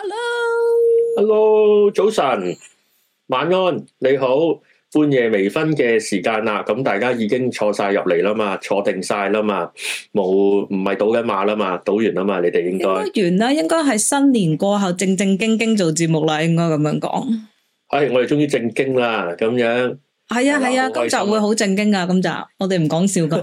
hello，hello，Hello，早晨，晚安，你好，半夜微醺嘅時間啦，咁大家已經坐晒入嚟啦嘛，坐定晒啦嘛，冇唔係賭緊馬啦嘛，賭完啦嘛，你哋應該完啦，應該係新年過後正正經經做節目啦，應該咁樣講。係、哎，我哋終於正經啦，咁樣。係啊係啊，今集會好正經噶，今集我哋唔講笑噶。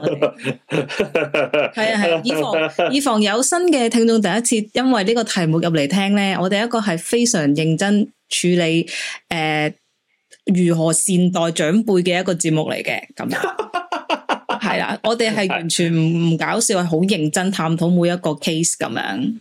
係 啊係、啊，以防以防有新嘅聽眾第一次因為呢個題目入嚟聽咧，我哋一個係非常認真處理誒、呃，如何善待長輩嘅一個節目嚟嘅咁樣。係啦、啊 啊，我哋係完全唔唔搞笑，係好認真探討每一個 case 咁樣。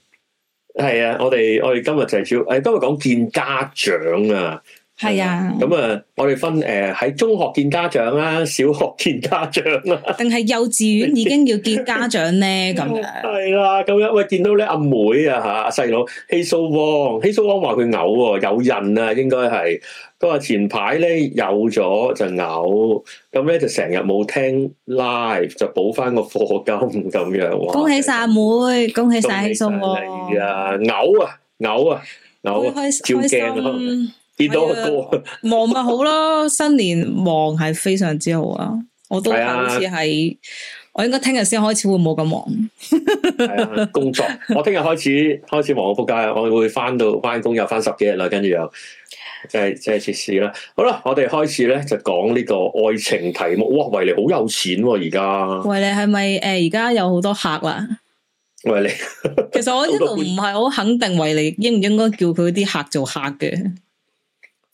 係啊，我哋我哋今日就係主要誒，今日講見家長啊。係啊，咁啊、嗯嗯，我哋分誒喺、呃、中學見家長啦、啊，小學見家長啦、啊，定係幼稚園已經要見家長咧？咁係啦，咁、 哦啊、樣喂，見到咧阿妹啊吓，細佬希蘇旺，希蘇汪話佢嘔，有印啊，應該係都話前排咧有咗就嘔，咁咧就成日冇聽 live 就補翻個課金咁樣。恭喜晒、啊、阿妹，恭喜晒希蘇旺啊！嘔恭喜 啊，嘔啊，嘔啊，驚啊！開心 見到個忙咪好咯， 新年忙係非常之好啊！我都好似係我應該聽日先開始會冇咁忙。係啊， 工作我聽日開始開始忙，我仆街，我會返到返工又返十幾日啦，跟住又即係即係試試啦。好啦，我哋開始呢就講呢個愛情題目。哇，維尼好有錢而、啊、家。維尼係咪誒？而家、呃、有好多客啦。維尼維尼。 其實我呢度唔係好肯定，維尼應唔應該叫佢啲客做客嘅。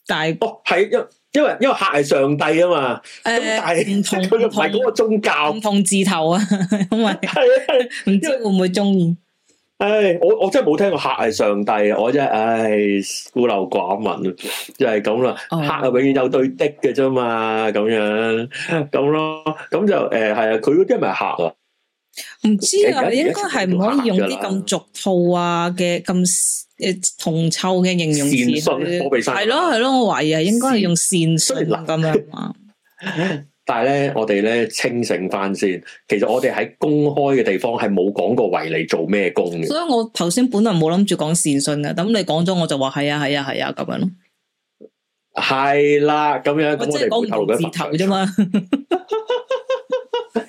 大哦，係因因為因為客係上帝啊嘛，咁大佢又唔係嗰個宗教，唔同字頭啊，咁咪，係啊，唔知會唔會中意？唉、哎，我我真係冇聽過客係上帝，啊，我真係唉孤陋寡聞啊，又係咁啦，客永遠有對的嘅啫嘛，咁樣咁咯，咁就誒係啊，佢嗰啲咪客啊。唔知啊，你應該係唔可以用啲咁俗套啊嘅咁，誒，同臭嘅形容詞去係咯，係咯。我懷疑啊，應該係用善信咁樣。但係咧，我哋咧清醒翻先。其實我哋喺公開嘅地方係冇講過為你做咩工嘅。所以我頭先本來冇諗住講善信嘅，咁你講咗我就話係啊係啊係啊咁、啊啊、樣。係啦，咁樣我即係講字頭啫嘛。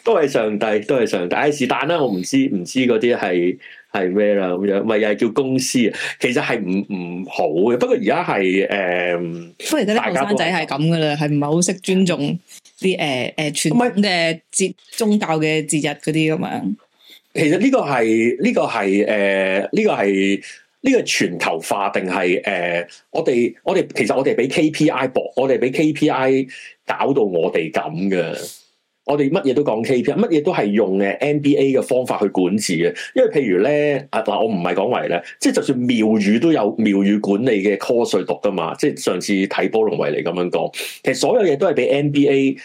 都係上帝，都係上帝。唉，是但啦，我唔知唔知嗰啲係係咩啦咁樣，咪又係叫公司啊？其實係唔唔好嘅。不過而家係誒，忽然間啲後生仔係咁噶啦，係唔係好識尊重啲誒誒傳統嘅節宗教嘅節日嗰啲咁樣？其實呢個係呢個係誒呢個係呢個全球化定係誒我哋我哋其實我哋俾 KPI 搏，我哋俾 KPI 搞到我哋咁嘅。我哋乜嘢都講 KPI，乜嘢都係用嘅 NBA 嘅方法去管治嘅，因為譬如咧，啊嗱，我唔係講維咧，即係就算廟宇都有廟宇管理嘅科稅讀噶嘛，即係上次睇波龍維尼咁樣講，其實所有嘢都係俾 NBA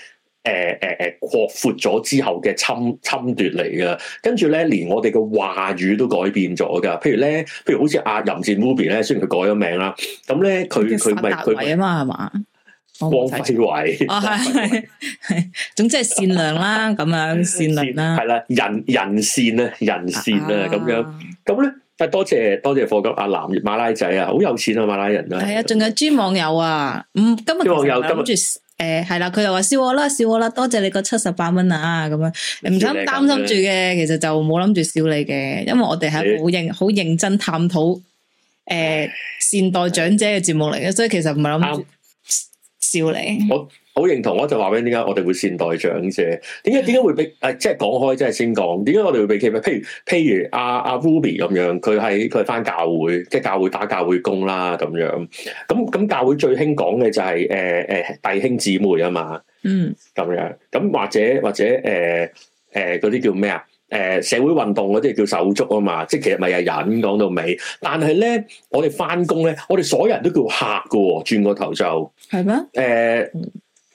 誒誒誒擴闊咗之後嘅侵侵奪嚟嘅。跟住咧連我哋嘅話語都改變咗噶，譬如咧，譬如好似阿任劍烏比咧，雖然佢改咗名啦，咁咧佢佢唔係佢啊嘛係嘛？光輝偉，哦，係係，總之係善良啦，咁樣善良啦，係啦，人人善啊，人善啊，咁樣，咁咧，誒，多謝多謝，火哥阿南馬拉仔啊，好有錢啊馬拉人啊，係啊，仲有朱網友啊，唔，今日朱網友諗住誒係啦，佢又話笑我啦笑我啦，多謝你個七十八蚊啊，咁樣你唔使擔心住嘅，其實就冇諗住笑你嘅，因為我哋係一個好認好認真探討誒善待長者嘅節目嚟嘅，所以其實唔係諗住。笑你，我好認同。我就話俾你點解我哋會善待長者，點解點解會俾誒，即係講開，即係先講，點解我哋會俾佢？譬如譬如阿阿 Ruby 咁樣，佢喺佢係翻教會，即係教會打教會工啦咁樣。咁咁教會最興講嘅就係誒誒弟兄姊妹啊嘛，嗯，咁樣咁或者或者誒誒嗰啲叫咩啊？誒、呃，社會運動嗰啲叫手足啊嘛，即係其實咪又係人講到尾，但係咧，我哋返工咧，我哋所有人都叫客噶、哦，轉個頭就係咩？誒，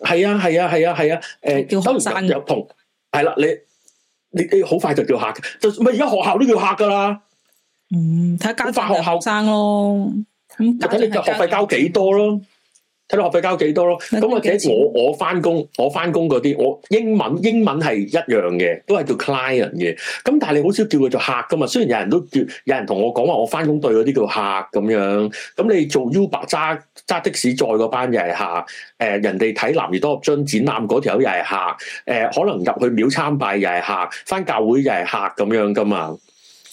係啊，係啊，係啊，係啊，誒、啊，呃、叫生都唔同，係啦、啊，你你你好快就叫客，就咪而家學校都叫客噶啦。嗯，睇一間發學校學生咯，咁睇你個學費交幾多咯。學費交幾多咯？咁或者我我翻工，我翻工嗰啲，我英文英文係一樣嘅，都係叫 client 嘅。咁但係你好少叫佢做客噶嘛？雖然有人都叫，有人同我講話，我翻工對嗰啲叫客咁樣。咁你做 Uber 揸揸的士載嗰班又係客。誒，人哋睇南越多合樽展，展覽嗰條又係客。誒，可能入去廟參拜又係客，翻教會又係客咁樣噶嘛？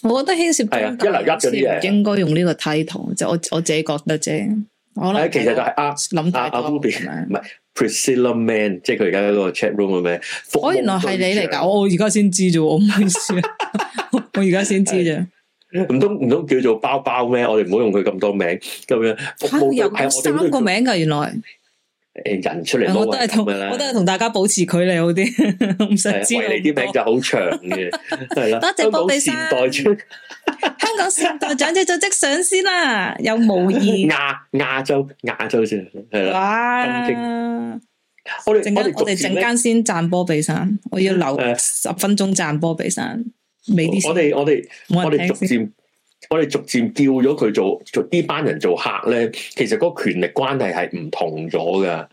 我覺得牽涉到的應該用呢個 title，即係我我自己覺得啫。誒，我其實就係阿林阿阿 Ruby 唔係 Priscilla Man，即係佢而家嗰個 chat room 嘅名。哦，原來係你嚟㗎，我而家先知啫， 我唔好意思，我而家先知啫。唔通唔通叫做包包咩？我哋唔好用佢咁多名咁樣。服務又有三個名㗎原來。原來誒，人出嚟摸啊！ 我都係同大家保持距離好啲，我 唔想知你啲名就好長嘅，係啦。多謝波比山。 香港善待長者就即上先啦，有模擬亞亞洲亞洲先係啦。哇、 嗯！ 我哋我哋我哋陣間先讚波比山，我要留十分鐘讚波比山。 未啲？ 我哋我哋們人我哋逐漸。我哋逐漸叫咗佢做做呢班人做客咧，其實嗰個權力關係係唔同咗噶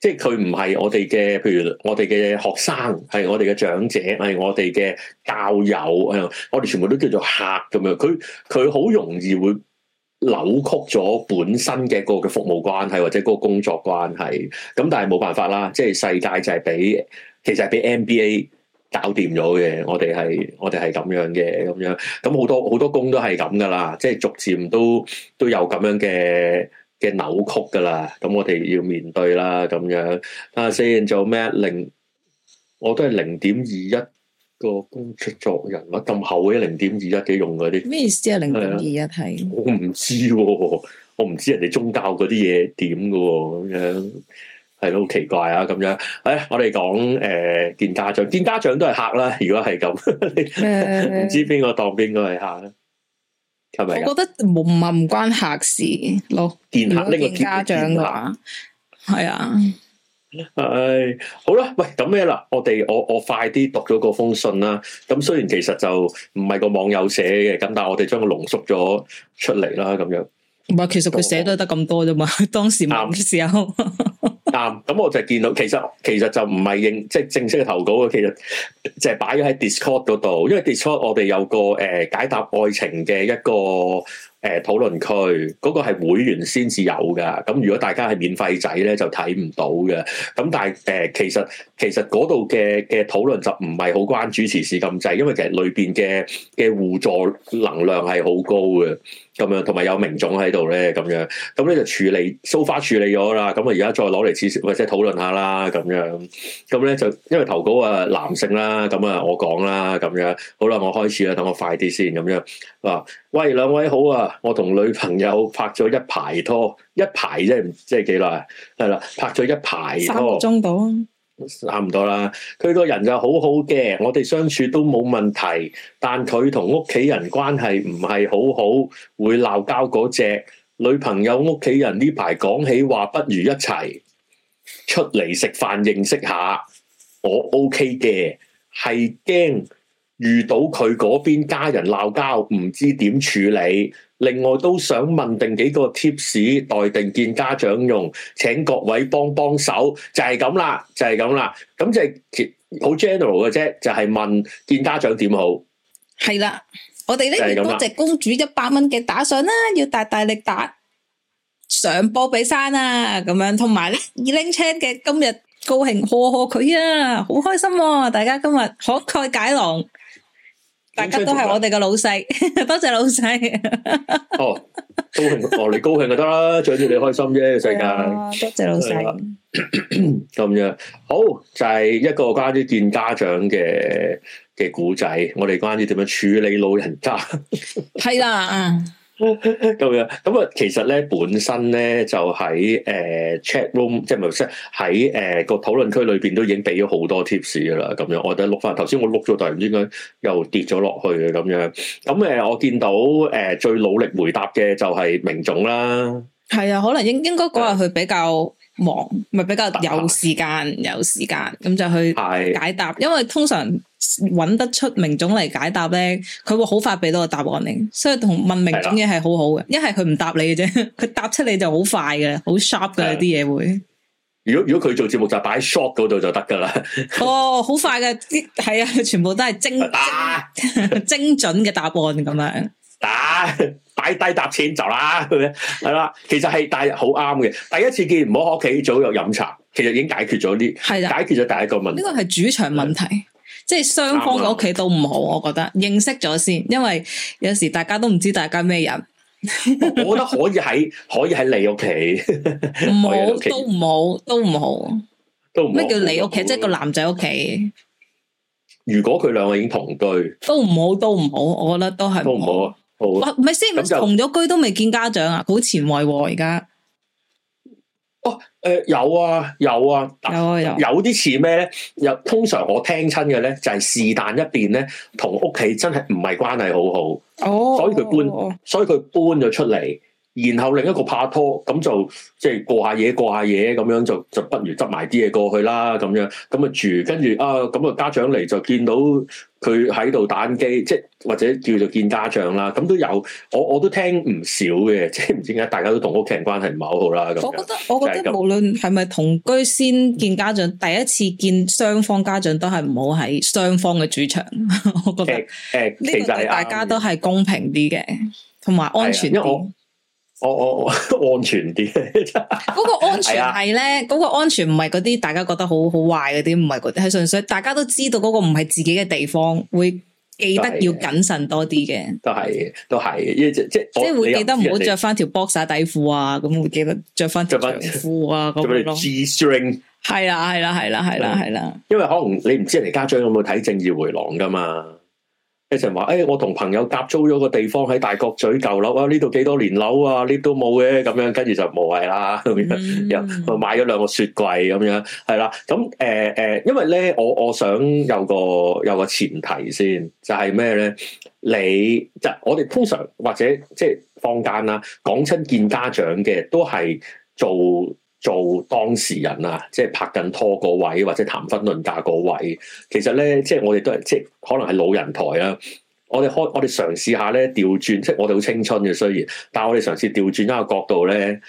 即係佢唔係我哋嘅，譬如我哋嘅學生係我哋嘅長者，係我哋嘅教友，我哋全部都叫做客咁樣。佢佢好容易會扭曲咗本身嘅一個嘅服務關係或者嗰個工作關係。咁但係冇辦法啦，即係世界就係俾，其實係俾 MBA 搞掂咗嘅，我哋係我哋係咁樣嘅，咁樣咁好多好多工都係咁噶啦，即係逐漸都都有咁樣嘅嘅扭曲噶啦，咁我哋要面對啦，咁樣啊，Sam 做咩零？我都係零點二一個工出作人咯，咁厚嘅零點二一幾用嗰啲？咩意思啊？零點二一係我唔知喎，啊，我唔知人哋宗教嗰啲嘢點噶喎，咁樣。係咯，好奇怪啊，咁樣。誒、哎，我哋講誒見家長，見家長都係客啦。如果係咁，唔 知邊個當邊個係客咧，係咪？我覺得唔係唔關客事咯。見客呢個家長嘅話，係啊。係、哎、好啦，喂，咁咩啦？我哋我我快啲讀咗嗰封信啦。咁雖然其實就唔係個網友寫嘅，咁但係我哋將佢濃縮咗出嚟啦。咁樣唔係，其實佢寫都得咁多啫嘛。 當時問嘅時候。 啱，咁、嗯、我就見到，其實其實就唔係認即係正式嘅投稿啊，其實就係擺咗喺 Discord 嗰度，因為 Discord 我哋有個誒、呃、解答愛情嘅一個誒、呃、討論區，嗰、那個係會員先至有㗎，咁如果大家係免費仔咧就睇唔到嘅。咁但係誒、呃、其實其實嗰度嘅嘅討論就唔係好關主持事咁滯，因為其實裏邊嘅嘅互助能量係好高嘅。咁樣，同埋有名種喺度咧，咁樣，咁咧就處理，sofa 處理咗啦，咁啊，而家再攞嚟，至少或者討論下啦，咁樣，咁咧就因為投稿啊，男性啦，咁啊，我講啦，咁樣，好啦，我開始啦，等我快啲先，咁樣，啊，喂，兩位好啊，我同女朋友拍咗一排拖，一排啫、唔，即係幾耐？係啦，拍咗一排拖，三個鐘到。差唔多啦，佢個人就好好嘅，我哋相處都冇問題。但佢同屋企人關係唔係好好，會鬧交嗰隻。女朋友屋企人呢排講起話，不如一齊出嚟食飯認識下，我 OK 嘅，係驚。遇到佢嗰邊家人鬧交，唔知點處理。另外都想問定幾個 tips，袋定見家長用，請各位幫幫手。就係咁啦，就係咁啦。咁就係好 general 嘅啫，就係、是、問見家長點好。係啦，我哋呢邊多謝公主一百蚊嘅打賞啦，要大大力打上波比山啊！咁樣同埋咧，二拎青嘅今日高興賀賀佢啊，好開心、啊！大家今日慷慨解囊。大家都係我哋嘅老細，多謝老細。 哦，高興，哦你高興就得啦，最住 你開心啫，世界的。多謝老細。咁咳咳樣，好就係、是、一個關於見家長嘅嘅古仔，我哋關於點樣處理老人家 。係啦。咁樣咁啊， 其實咧本身咧就喺誒 chat room，即係唔係即係喺誒個討論區裏邊都已經俾咗好多 tips 噶啦，咁樣我都碌翻頭先，我碌咗突然之間又跌咗落去嘅咁樣。咁誒，我見到誒最努力回答嘅就係明總啦。係啊，可能應應該嗰日佢比較。 忙咪比較有時間、嗯、有時間咁就去解答，是因為通常揾得出名種嚟解答咧，佢會好快俾到個答案你，所以同問名種嘢係好好嘅。一係佢唔答你嘅啫，佢答出嚟就好快嘅，好 sharp 嘅啲嘢會如。如果如果佢做節目就擺喺 shop 嗰度就得噶啦。 哦，好快嘅，係啊，佢全部都係精精準嘅答案咁樣。打擺低搭錢就啦，係啦，其實係大好啱嘅。第一次見唔好喺屋企早有飲茶，其實已經解決咗啲，解決咗第一個問題。呢個係主場問題，即係雙方嘅屋企都唔好，我覺得認識咗先，因為有時大家都唔知大家咩人。我覺得可以喺可以喺你屋企，唔好都唔好，都唔好。都唔好咩叫你屋企？即係個男仔屋企。如果佢兩個已經同居，都唔好，都唔好，我覺得都係都唔好。哇，唔係先，同咗居都未見家長啊好前衛喎！而家哦，誒、呃，有啊，有啊，有啊，有啊有啲似咩咧？又通常我聽親嘅咧，就係是但一邊咧，同屋企真係唔係關係好好哦，所以佢搬，所以佢搬咗出嚟，然後另一個拍拖，咁就即、是、係過下嘢，過下嘢咁樣就就不如執埋啲嘢過去啦，咁樣咁啊住，跟住啊咁啊家長嚟就見到。佢喺度打緊機，即係或者叫做見家長啦，咁都有，我我都聽唔少嘅，即係唔知點解大家都同屋企人關係唔係好好啦。咁，我覺得我覺得無論係咪同居先見家長，嗯、第一次見雙方家長都係唔好喺雙方嘅主場，我覺得誒，呢、呃、個對大家都係公平啲嘅，同埋安全啲。我我 安全啲，嗰個安全係咧，嗰的個安全唔係嗰啲大家覺得好好壞嗰啲，唔係嗰啲，係純粹大家都知道嗰個唔係自己嘅地方，會記得要謹慎多啲嘅。都係都係嘅，即係即係會記得唔好着翻條 box 底褲啊，咁會記得着翻長褲啊，咁你 G string。係啦，係啦，係啦，係啦，係啦。因為可能你唔知人哋家長有冇睇《正義回廊》噶嘛。一陣話，誒、哎，我同朋友夾租咗個地方喺大角咀舊樓啊，呢度幾多年樓啊，呢度都冇嘅，咁樣跟住就冇謂啦，咁樣又買咗兩個雪櫃咁樣，係啦，咁誒誒，因為咧，我我想有個有個前提先，就係咩咧？你就我哋通常或者即係坊間啦，講親見家長嘅，都係做。做當事人啊，即係拍緊拖個位，或者談婚論嫁個位，其實咧，即係我哋都係，即係可能係老人台啊。我哋開，我哋嘗試下咧，調轉，即係我哋好青春嘅，雖然，但係我哋嘗試調轉一個角度咧，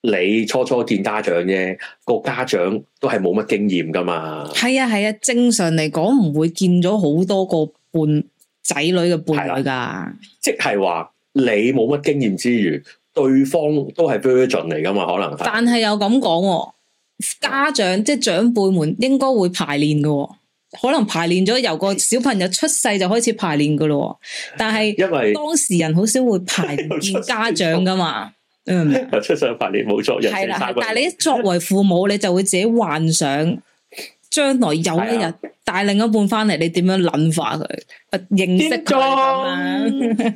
你初初見家長啫，個家長都係冇乜經驗噶嘛。係啊係啊，正常嚟講唔會見咗好多個伴仔女嘅伴侶噶。啊。即係話你冇乜經驗之餘。對方都係標準嚟噶嘛，可能，但係又咁講，家長即係長輩們應該會排練噶，可能排練咗由個小朋友出世就開始排練噶咯。但係因為當事人好少會排練家長噶嘛，嗯 出世排練冇錯，係啦、啊啊。但係你作為父母， 你就會自己幻想將來有一日。 嗯帶另一半翻嚟，你點樣諗法佢？認識咗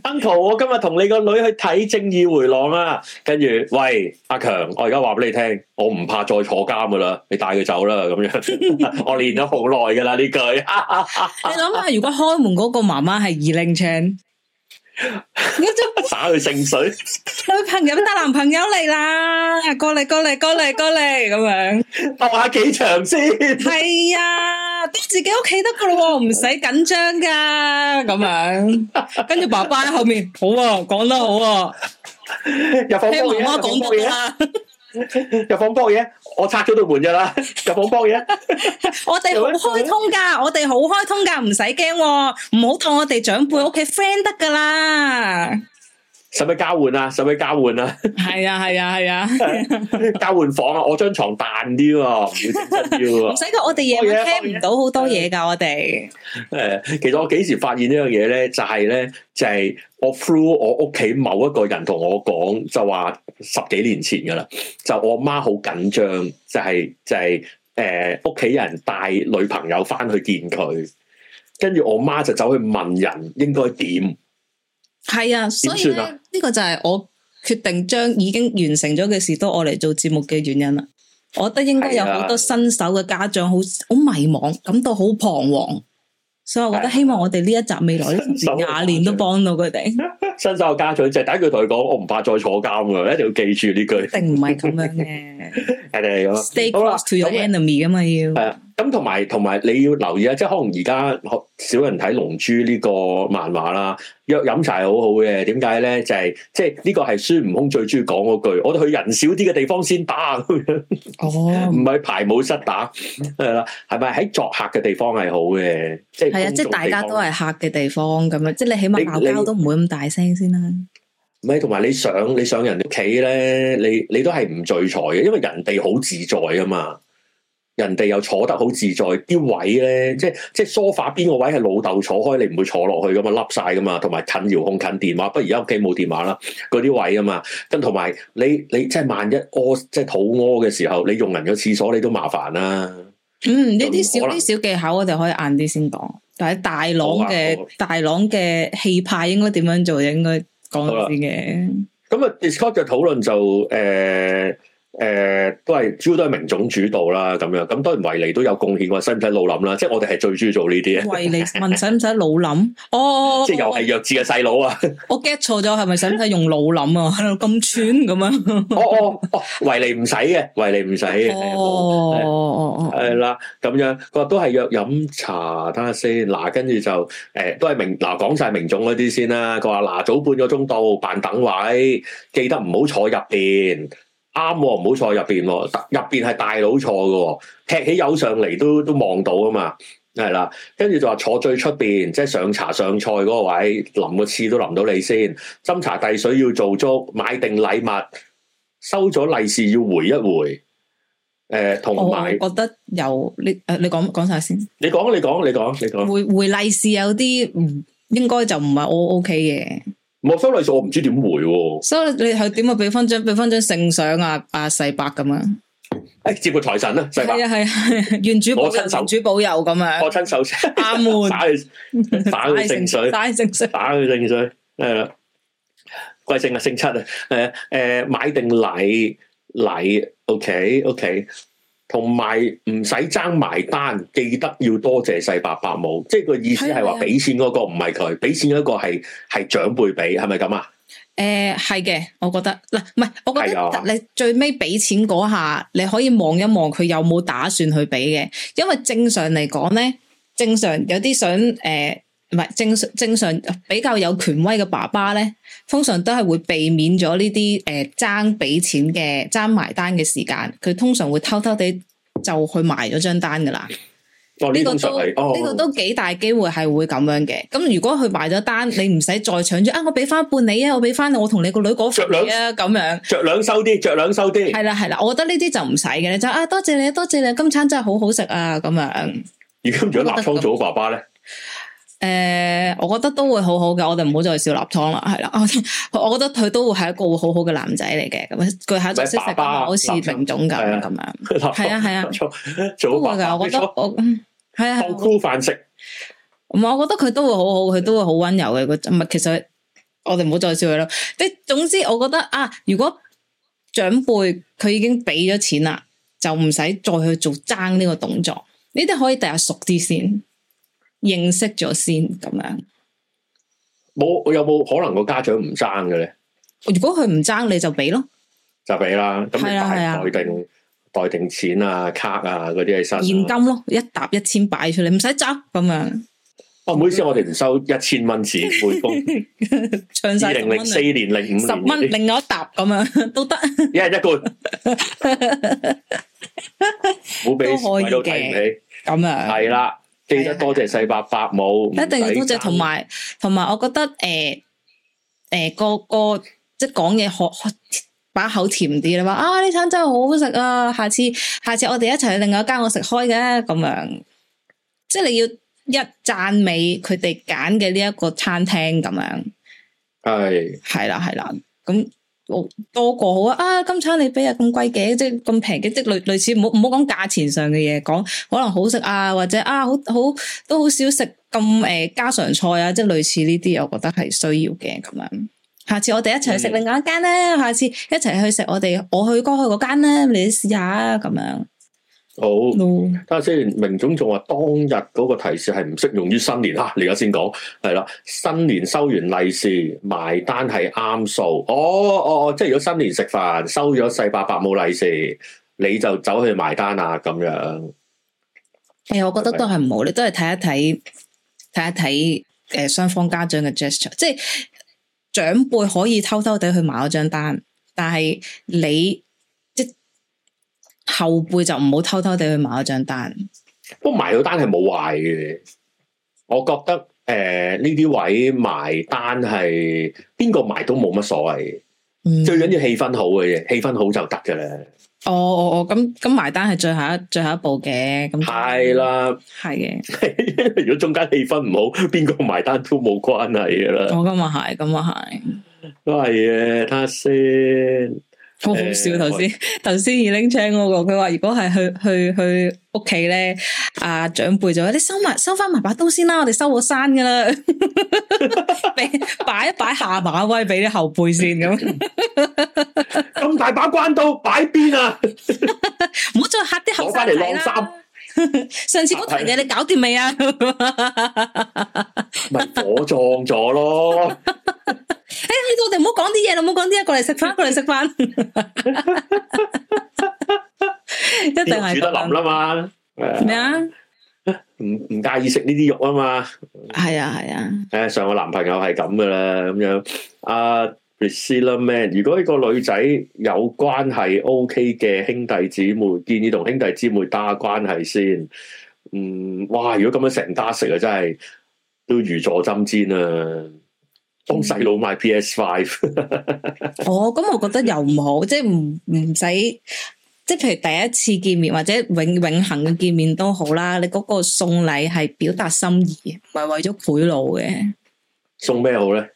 Uncle、啊、 我今日同你個女去睇《正義回廊》、啊啦。跟住喂阿強、啊，我而家話俾你聽，我唔怕再坐監㗎喇，你帶佢走啦咁樣， 我練咗好耐㗎喇呢句。 你諗下，如果開門嗰個媽媽係二零槍？我就灑去聖水， 女朋友帶男朋友嚟啦，過嚟過嚟過嚟過嚟咁樣，鬥下幾場先。係啊，當自己屋企得噶啦，唔使 緊張噶，咁樣。跟住爸爸喺後面， 好啊，講得好啊， 聽媽媽講多嘢。 又放多嘢，我拆咗道門咋啦？又放多過嘢 我哋好開通噶，哦、我哋好開通噶，唔使驚，唔好當我哋長輩屋企 friend 得噶啦。使唔使交換啊？使唔使交換啊？係啊係啊係啊！交換房啊！我張床彈啲喎，唔少少喎。唔使噶，我哋夜晚聽唔到好多嘢噶，我哋。誒，其實我幾時發現呢樣嘢咧？就係、是、咧，就係、是、我 through 我屋企某一個人同我講，就話。十幾年前㗎喇，就我媽好緊張，就係、是、就係、是、誒，屋、呃、企人帶女朋友翻去見佢，跟住我媽就走去問人應該點。係啊，所以咧呢個就係我決定將已經完成咗嘅事都攞嚟做節目嘅原因啦。我覺得應該有好多新手嘅家長好好迷茫，感到好彷徨。所以我覺得希望我哋呢一集未來呢廿年都幫到佢哋。 新手嘅家長就係第一句同佢講，我唔怕再坐監㗎，一定要記住呢句。一定唔係咁樣嘅。係咪咁？Stay close 啦 to your enemy 㗎嘛、就是，要。係啊。咁同埋同埋你要留意啊！即係可能而家少人睇《龍珠》呢個漫畫啦。約飲茶係好好嘅，點解咧？就係即係呢個係孫悟空最中意講嗰句，我哋去人少啲嘅地方先打哦，唔係排舞室打係啦，係咪喺作客嘅地方係好嘅？即係係啊！即係大家都係客嘅地方咁樣，你即係你起碼鬧交都唔會咁大聲先啦、啊。唔係，同埋你上你上人哋屋企咧，你你，你都係唔聚財嘅，因為人哋好自在啊嘛。人哋又坐得好自在，啲位咧，即係即係梳化邊個位係老豆坐開，你唔會坐落去噶嘛，笠晒噶嘛，同埋近遙控、近電話，不過而家屋企冇電話啦，嗰啲位啊嘛，跟同埋你你即係萬一屙即係肚屙嘅時候，你用人嘅廁所你都麻煩啦。嗯，呢啲少啲小技巧我哋可以晏啲先講，但係大朗嘅大朗嘅氣派應該點樣做，應該講先嘅。咁啊 Discord 嘅討論就誒。呃誒，都係主要都係明總主導啦，咁樣咁當然維尼都有貢獻，話使唔使腦諗啦？即係我哋係最中意做呢啲嘅。維尼問使唔使腦諗？哦， 即係又係弱智嘅細佬啊！我 get 錯咗，係咪使唔使用腦諗啊？喺度咁串咁樣？哦哦哦，維尼唔使嘅，維尼唔使哦哦哦哦，係啦，咁樣佢話都係約飲茶，睇下先嗱，跟住就誒、哎，都係名嗱講晒明總嗰啲先啦。佢話嗱早半個鐘到，扮等位，記得唔好坐入邊。啱，唔好坐入邊，入邊係大佬坐嘅，踢起友上嚟都都望到啊嘛，係啦，跟住就話坐最出邊，即係上茶上菜嗰個位，淋個翅都淋到你先，斟茶遞水要做足，買定禮物，收咗利是要回一回，誒、呃，同埋，我覺得有你誒，你講講晒先，你講你講你講你講，回回利是有啲唔應該就唔係我 OK 嘅。唔係，所以我唔知點回。所以你係點啊？俾翻張俾翻張聖相啊！阿、啊、世伯咁樣，誒、哎，接個財神啦，世伯係啊係啊，願主我親手，啊啊、主保佑咁樣，我親手阿門， 打佢，打佢聖水， 打佢聖水，打佢聖水，係貴、 啊、姓啊？姓七啊？誒、啊、誒，買定禮禮，OK OK。啊啊啊啊啊啊同埋唔使爭埋單，記得要多謝世伯伯母，即係個意思係話俾錢嗰個唔係佢，俾的錢嗰個係係長輩俾，係咪咁啊？誒、呃，係嘅，我覺得嗱，唔係，我覺得你最尾俾錢嗰下，你可以望一望佢有冇打算去俾嘅，因為正常嚟講咧，正常有啲想誒。呃唔係正常，正常比較有權威嘅爸爸咧，通常都係會避免咗呢啲誒爭俾錢嘅爭埋單嘅時間。佢通常會偷偷地就去埋咗張單噶啦。呢、哦、個都呢、哦、個都幾大機會係會咁樣嘅。咁、oh，如果佢埋咗單你，你唔使再搶住啊！我俾翻半你啊！我俾翻我同你個女嗰份啊！咁樣着兩收啲，着兩收啲。係啦係啦，我覺得呢啲就唔使嘅。真啊，多謝你，多謝你，今餐真係好好食啊！咁樣。如果立方做爸爸咧？誒、嗯，我覺得都會好好嘅，我哋唔好再笑立倉啦，係啦。我我覺得佢都會係一個好好嘅男仔嚟嘅，咁佢係一種識食嘅好似明總咁，咁樣係啊係啊，做爸爸噶，我覺得我係啊，煲飯食。我覺得佢都會好好，佢都會好温柔嘅。佢唔係，其實我哋唔好再笑佢啦。即總之，我覺得啊，如果長輩佢已經俾咗錢啦，就唔使再去做爭呢個動作。呢啲可以第日熟啲先。認識咗先咁樣，冇，有冇可能個家長唔爭嘅咧？如果佢唔爭，你就俾咯，就俾啦。咁大代定代定錢啊、卡啊嗰啲係新現金咯，一沓一千擺出嚟，唔使執咁樣。哦、啊，唔好意思， 我哋唔收 十一千蚊錢會費，二零零四年零五十蚊，另外一沓咁樣都得，一係一罐，唔好俾都睇唔起。咁樣係啦。記得多謝世伯伯母，啊、不用 一定要多謝同埋同埋，想我覺得誒誒、欸欸、個個即係講嘢，可、就、把、是、口甜啲啦。嘛。啊呢餐真係好好食啊，下次下次我哋一齊去另外一間我食開嘅咁樣，即係你要一讚美佢哋揀嘅呢一個餐廳咁樣。係係啦係啦，咁。多過好啊！啊，今餐你俾啊，咁貴嘅，即係咁平嘅，即係類，類似，唔好唔好講價錢上嘅嘢，講可能好食啊，或者啊，好好都好少食咁誒家常菜啊，即係類似呢啲，我覺得係需要嘅咁樣。下次我哋一齊去食另外一間啦，的下次一齊去食我哋我去過去嗰間咧，你嚟試下啊，咁樣。好，oh, 等下先。明總仲話當日嗰個提示係唔適用於新年啊，你而家先講係啦。新年收完利是，埋單係啱數。哦哦哦，即係如果新年食飯收咗四百八冇利是，你就走去埋單啊咁樣。其實我覺得都係唔好，你都係睇一睇，睇一睇誒雙方家長嘅 gesture，即係長輩可以偷偷地去埋嗰張單，但係你。後輩就唔好偷偷地去埋咗張單，不過埋咗單係冇壞嘅。我覺得誒呢啲位埋單係邊個埋都冇乜所謂，最緊要氣氛好嘅啫，氣氛好就得嘅啦。哦哦哦，咁咁埋單係最後一最後一步嘅，咁係啦，係嘅。如果中間氣氛唔好，邊個埋單都冇關係嘅啦。我咁話係，咁話係，都係嘅。睇下先。好好笑！頭先頭先二拎 i n g 個，佢話如果係去去去屋企咧，阿、啊、長輩就話你收埋收翻埋把刀先啦，我哋收過山噶啦，俾 擺一擺下馬威俾啲後輩先咁，咁 大把關刀擺邊啊！唔 好 再嚇啲後生嚟啦。 上次嗰題嘢你搞掂未啊？咪火撞咗咯。哎，我哋唔好講啲嘢，唔好講啲嘢，過嚟食飯，過嚟食飯。一定係煮得淋啦嘛。咩啊？唔唔介意食呢啲肉啊嘛？係啊係啊。誒，上個男朋友係咁噶啦，咁樣啊。你試啦咩？如果呢個女仔有關係，OK 嘅兄弟姊妹，建議同兄弟姊妹打關係先。嗯，哇！如果咁樣成家食啊，真係都如坐針氈啊！幫細佬買 PS Five。哦，咁我覺得又唔好，即係唔唔使，即係譬如第一次見面或者永永恒嘅見面都好啦。你嗰個送禮係表達心意，唔係為咗賄賂嘅。送咩好咧？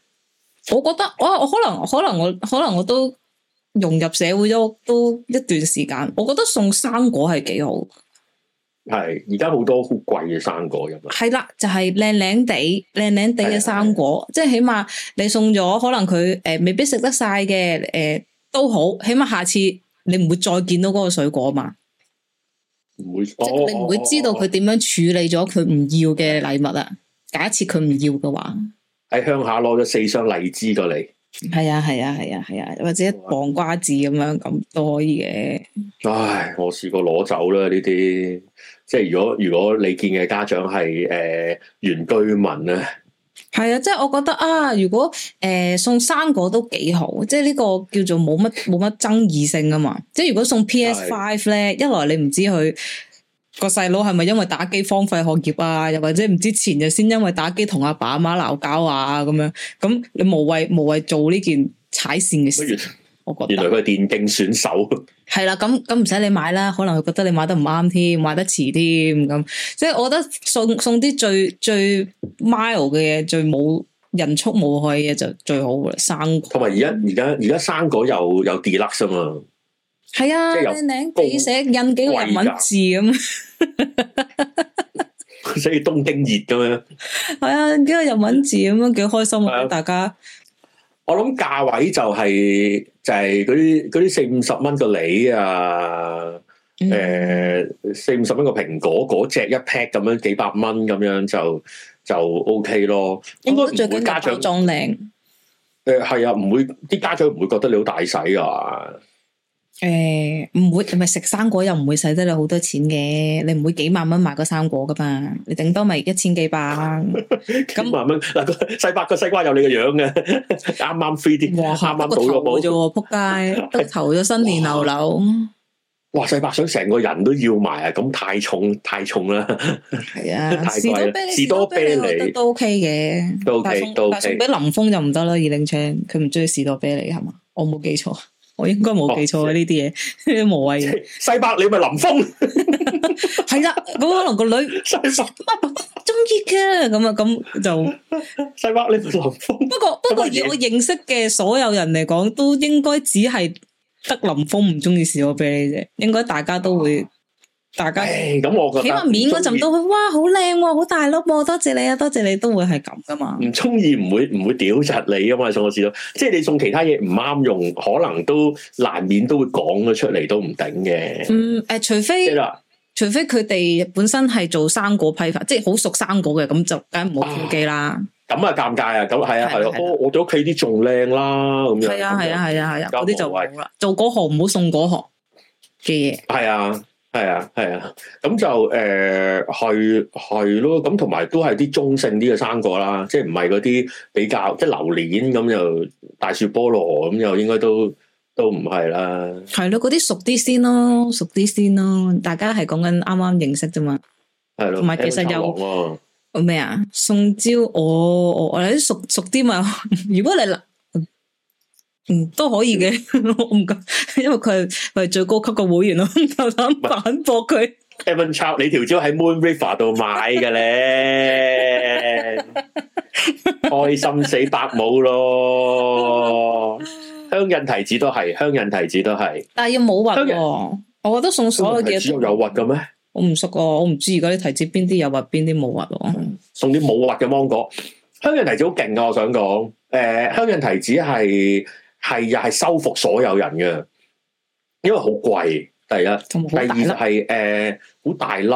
我覺得我我可能可能我可能我都融入社會都都一段時間，我覺得送生果係幾好。係而家好多好貴嘅生果，入係啦，就係靚靚地靚靚地嘅生果，即係起碼你送咗，可能佢誒、呃、未必食得晒嘅，誒、呃、都好，起碼下次你唔會再見到嗰個水果嘛。唔會說，即係你唔會知道佢點樣處理咗佢唔要嘅禮物啊？假設佢唔要嘅話。喺鄉下攞咗四箱荔枝過嚟，係啊係啊係啊係啊，或者一磅瓜子咁樣咁都可以嘅。唉，我試過攞走啦呢啲，即係如果如果你見嘅家長係誒、呃、原居民咧，係啊，即、就、係、是、我覺得啊，如果誒、呃、送生果都幾好，即係呢個叫做冇乜冇乜爭議性啊嘛，即係如果送 PS5 咧是，一來你唔知佢。個細佬係咪因為打機荒廢學業啊？又或者唔知前日先因為打機同阿爸阿媽鬧交啊？咁樣咁你無謂無謂做呢件踩線嘅事。我覺得原來佢係電競選手。係啦， 咁咁唔使你買啦，可能佢覺得你買得唔啱添，買得遲添，咁即係我覺得送送啲最最 mile 嘅嘢，最冇人畜無害嘅嘢就最好啦。生果同埋而家而家而家生果又有 deluxe 啊嘛。係啊，領寄寫印幾個日文字咁，所以東京熱咁樣。係啊，幾個日文字咁樣幾開心啊！啊大家。我諗價位就係、是、就係嗰啲啲四五十蚊個梨啊，誒、嗯呃、四五十蚊個蘋果嗰隻一 pack 咁樣幾百蚊咁樣就就 OK 咯。應該唔會，、呃啊啊、會家長靚。誒，係啊，唔會啲家長唔會覺得你好大使啊。誒，唔會，唔係食生果又唔會使得你好多錢嘅，你唔會幾萬蚊買個生果噶嘛，你頂多咪一千幾百，幾萬蚊嗱個細伯個西瓜有你個樣嘅，啱啱 three D，啱啱倒咗，冇啫，仆街，投咗新年流流。哇細伯想成個人都要埋啊，咁太重太重啦，係啊，太貴啦，士多啤梨都 OK 嘅，都 OK 都 OK，但係送俾林峰就唔得啦，二零 c 佢唔中意士多啤梨係嘛，我冇記錯。我應該冇記錯嘅呢啲嘢，哦、無謂嘅。世伯你咪林峰，係啦，咁可能個女西十，中意嘅咁啊，咁就世伯你咪林峰。不過不過以我認識嘅所有人嚟講，都應該只係得林峰唔中意小啤啤啫，應該大家都會。大家起碼面嗰陣都會，哇，好靚喎，好大粒，啊，多謝你啊，多謝你都會係咁噶嘛。唔中意唔會唔會屌柒你噶，啊、嘛，送個士多，即係你送其他嘢唔啱用，可能都難免都會講咗出嚟，都唔頂嘅。嗯，誒、呃，除非啦，的除非佢哋本身係做生果批發，的即係好熟生果嘅，咁就梗唔好挑機啦。咁啊，尷尬啊，咁係啊，係啊，我我哋屋企啲仲靚啦，咁樣。係啊，係啊，係啊，係啊，嗰啲就冇啦，做嗰行唔好送嗰行嘅嘢。係啊。的的係啊，係啊，咁就誒，去去咯，咁同埋都係啲中性啲嘅生果啦，即係唔係嗰啲比較即係榴蓮咁又大樹菠蘿咁又應該都都唔係啦。係咯、啊，嗰啲熟啲先咯，熟啲先咯，大家係講緊啱啱認識啫嘛。係咯、啊，同埋其實有咩啊？宋蕉，哦哦，啲熟熟啲嘛，如果你。嗯，都可以嘅，我唔敢，因為佢係佢係最高級嘅會員咯，夠膽反駁佢。Evan Chow 你條蕉喺 Moon River 度買嘅咧， 開心死百母咯！香印提子都係，啊、香印提子都係，但係要冇核喎。我覺得送所有嘅，有核嘅咩？我唔熟哦，我唔知而家啲提子邊啲有核，邊啲冇核咯。送啲冇核嘅芒果，香印提子好勁啊。我想講，誒，香印提子係係又係收服所有人嘅，因為好貴，第一，一第二就係誒好大粒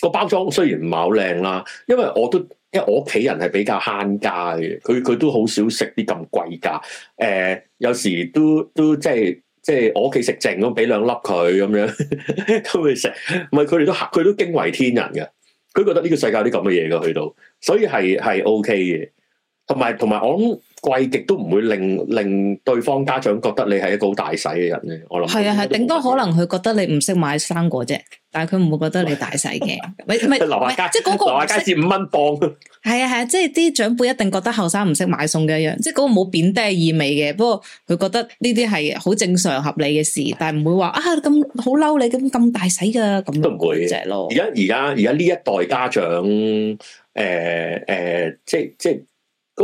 個包裝，雖然唔係好靚啦。因為我都因為我屋企人係比較慳家嘅，佢佢都好少食啲咁貴價。誒、呃，有時都都即係即係我屋企食剩咁俾兩粒佢咁樣， 都會食。唔係佢哋都佢都,都驚為天人嘅，佢覺得呢個世界有啲咁嘅嘢嘅去到，所以係係 O K 嘅，同埋同埋我諗。貴極都唔會令令對方家長覺得你係一個好大使嘅人咧，我諗係啊係，頂多可能佢覺得你唔識買生果啫，但係佢唔會覺得你大使嘅，唔係唔係，即係嗰個，即係嗰個，五蚊磅，係啊係啊，即係啲長輩一定覺得後生唔識買餸嘅一樣，即係嗰個冇貶低意味嘅，不過佢覺得呢啲係好正常合理嘅事，但係唔會話啊咁好嬲你咁咁大使㗎咁，都唔會咯。而家而家而家呢一代家長，誒、欸、誒、欸欸，即係即係。即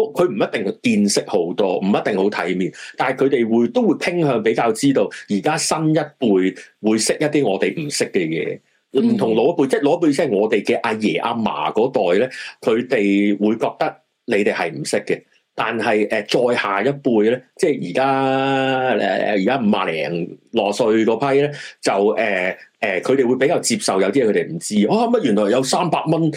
佢唔一定見識好多，唔一定好體面，但係佢哋會都會傾向比較知道而家新一輩會識一啲我哋唔識嘅嘢。唔同老一輩，嗯、即係老一輩即係我哋嘅阿爺阿嫲嗰代咧，佢哋會覺得你哋係唔識嘅。但係誒、呃，再下一輩咧，即係而家誒誒，而、呃、家五十零嚟歲嗰批咧，就誒誒，佢、呃、哋、呃、會比較接受有啲嘢佢哋唔知。啊、哦、乜原來有三百蚊？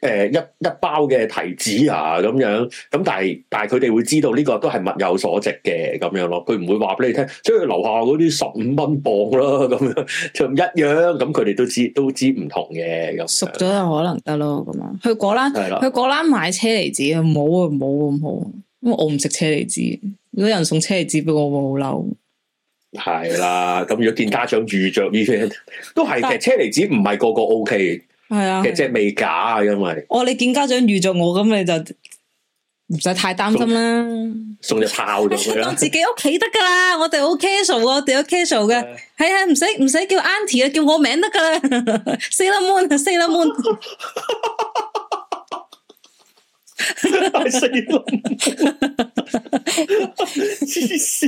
誒、呃，一一包嘅提子啊，咁樣咁，但係但係佢哋會知道呢個都係物有所值嘅咁樣咯，佢唔會話俾你聽，即係樓下嗰啲十五蚊磅咯，咁樣就唔一樣，咁佢哋都知都知唔同嘅咁。熟咗有可能得咯，咁啊去果欄係啦，去果欄的買車厘子啊，唔好啊唔好咁好，因為我唔食車厘子，如果有人送車厘子俾我，我好嬲。係啦，咁如果見家長遇着呢啲，都係嘅，但 其實車厘子唔係個個 O K。係啊，其實即係未假啊，因為哦，你見家長預咗我咁，你就唔使太擔心啦。送就炮咗去啦， 當自己屋企得噶啦。我哋好 casual，我哋好 casual 嘅，係啊，唔使唔使叫 auntie 啊，叫我名得噶啦，四 粒 moon，四粒 moon。 死啦！黐線